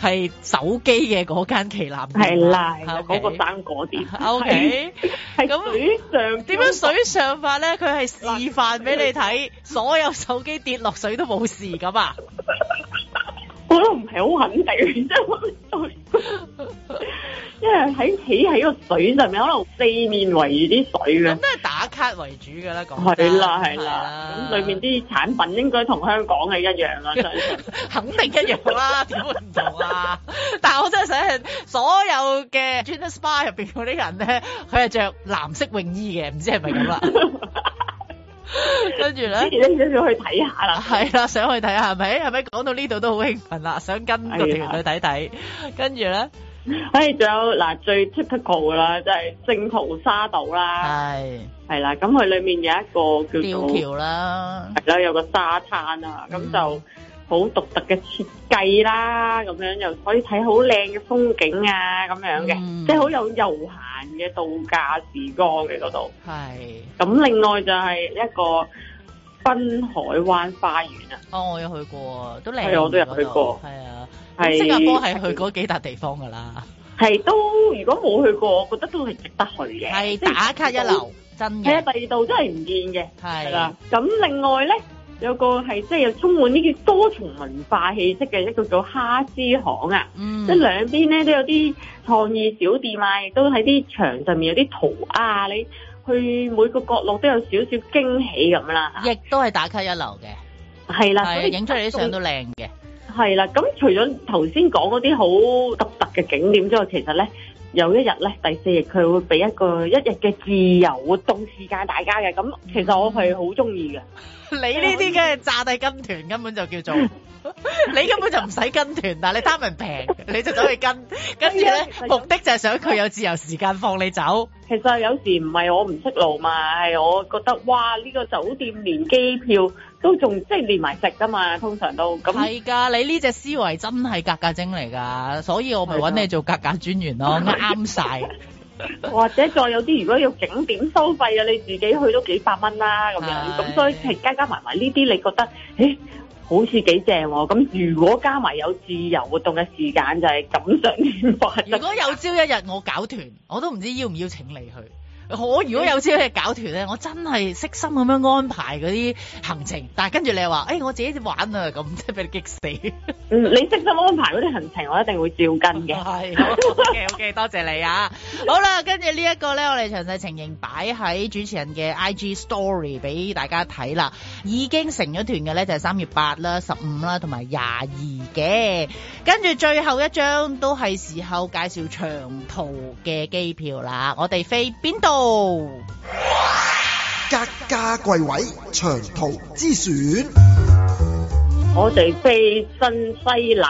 係手機嘅嗰間旗艦店係啦，嗰、okay 嗰個生果店 O K，係咁。Okay? 水上點樣水上法咧？佢係示範俾你睇， 所有手機跌落水都冇事咁啊？ 我都唔係好肯定。 即係喺起喺個水上面，可能四面圍住啲水嘅。咁都係打卡為主噶啦，講係啦係啦。咁裏面啲產品應該同香港係一樣啦， 肯定一樣啦、啊，點 會唔同啊？但係我真係想，所有嘅 Gentle Spa 入邊嗰啲人咧，佢係着藍色泳衣嘅，唔知係咪咁啦。跟住咧，跟住要去睇下啦。係啦，想去睇下，係咪？係咪講到呢度都好興奮啦、啊？想跟個團隊睇睇。跟住咧。唉，仲有嗱，最 typical 嘅啦，就係聖淘沙島啦，係係啦，咁佢裏面有一個叫做橋啦，係啦，有個沙灘啊，咁就好獨特嘅設計啦，咁樣又可以睇好靚嘅風景啊，咁樣嘅，即係好有悠閒嘅度假時光嘅嗰度。係。咁另外就係一個濱海灣花園啊，哦，我有去過，都靚，係，我都有去過，係啊。係新加坡係去嗰幾笪地方噶啦，係都如果冇去過，我覺得都係值得去嘅，係打卡一流，真嘅。係啊，第二度都係唔見嘅，係啦。咁另外咧，有個係即係又充滿呢啲多重文化氣息嘅一個叫哈芝巷啊，嗯、即兩邊咧都有啲創意小店啊，亦都喺啲牆上面有啲圖啊，你去每個角落都有少少驚喜咁、啊、啦，亦都係打卡一流嘅，係啦，影出嚟啲相都靚嘅。係啦，咁除咗頭先講嗰啲好獨特嘅景點之外，其實呢有一日呢，第四日佢會俾一個一日嘅自由活動時間大家嘅，咁其實我係好中意嘅。嗯、 你呢啲嘅炸帝金團根本就叫做。 你根本就唔使跟團，但係你貪人平，你就走去跟，跟住咧，目的就係想佢有自由時間放你走。其實有時唔係我唔識路嘛，係我覺得哇，呢個酒店連機票都仲即係連埋食噶嘛，通常都咁。係噶，你呢隻思維真係格價精嚟噶所以我咪揾你做格價專員咯，啱晒。或者再有啲，如果要景點收費啊，你自己去都幾百蚊啦，咁樣咁，所以係加加埋埋呢啲，你覺得誒？好似幾正喎！咁如果加埋有自由活動嘅時間，就係錦上添花。如果有朝一日我搞團，我都唔知要唔要請你去。我如果有朝咧搞團咧，我真係悉心咁樣安排啲行程，但係跟住你又話，誒、哎，我自己玩啊，咁真係俾你激死、嗯。你悉心安排啲行程，我一定會照跟嘅。係、哎、 ，OK，OK，okay, okay, 多謝你啊。好啦，跟住呢一個咧，我哋詳細情形擺喺主持人嘅 IG Story 俾大家睇啦。已經成咗團嘅咧就係三月八啦、十五啦同埋廿二嘅。跟住最後一張都係時候介紹長途嘅機票啦。我哋飛邊度？格價貴位，長途之選。我哋飛新西蘭，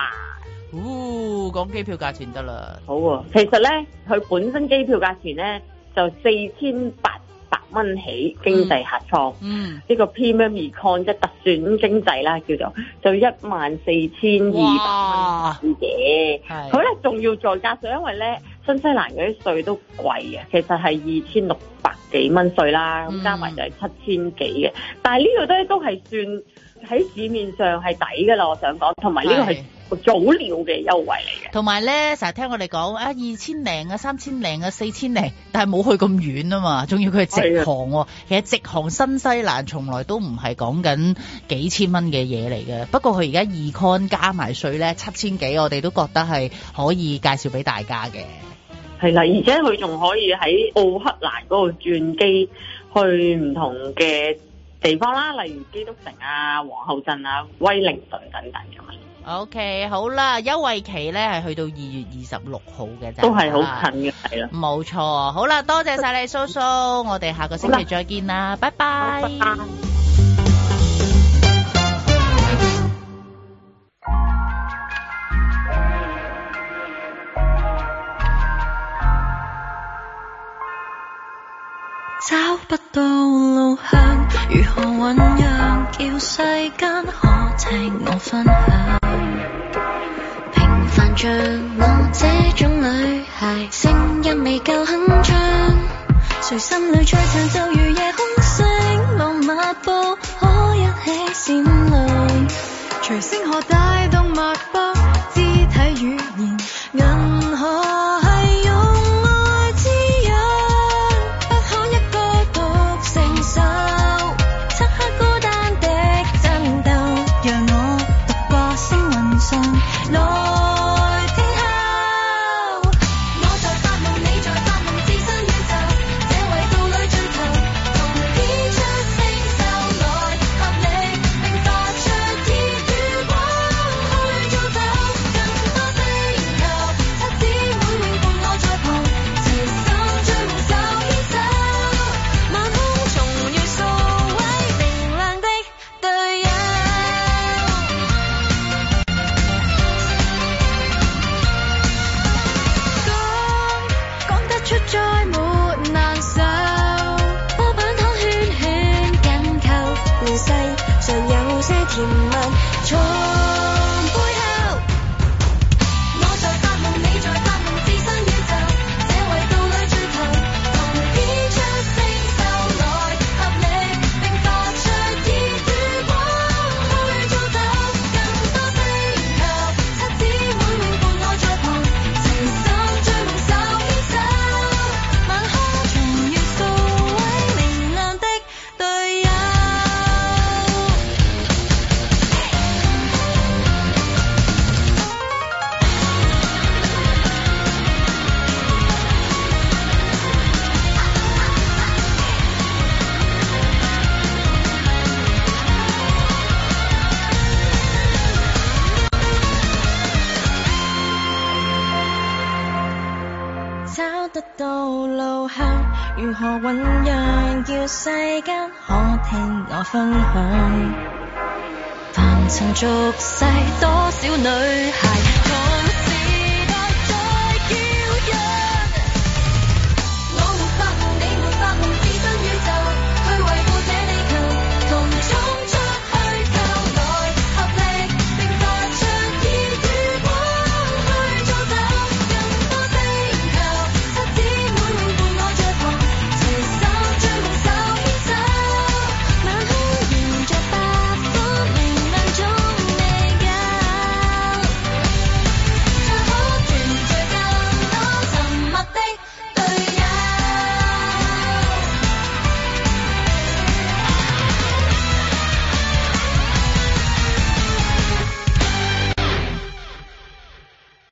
嗚講機票價錢得啦。好啊，其實咧，佢本身機票價錢咧就四千八。百蚊起經濟客艙，呢、嗯嗯呢個 Premium Economy 即係特選經濟啦，叫做就一萬四千二百蚊嘅，佢咧仲要再加，上，因為咧新西蘭嗰啲稅都貴嘅，其實係二千六百幾蚊稅啦，咁加埋就係七千幾嘅。但係呢度咧都係算喺市面上係抵㗎啦，我想講，同埋呢個係。早鳥嘅優惠嚟嘅，同埋咧成日聽我哋講啊，二千零啊、三千零啊、四千零，但係冇去咁遠啊嘛，仲要佢係直航，啊，其實直航新西蘭從來都唔係講緊幾千蚊嘅嘢嚟嘅。不過佢而家 econ 加埋稅咧七千幾，我哋都覺得係可以介紹俾大家嘅。係啦，而且佢仲可以喺奧克蘭嗰個轉機去唔同嘅地方啦，例如基督城啊、皇后鎮啊、威靈頓等等咁啊。OK，好啦，優惠期咧係去到二月二十六號嘅啫，都係好近嘅，係啦，冇錯。好啦，多謝晒你，蘇蘇，我哋下個星期再見啦，拜拜。找不到路向，如何醞釀？叫世間可聽我分享。平凡像我這種女孩，聲音未夠鏗鏘，誰心裏在唱，就如夜空星羅密佈，可一起閃亮，隨星河帶動脈搏，肢體語言。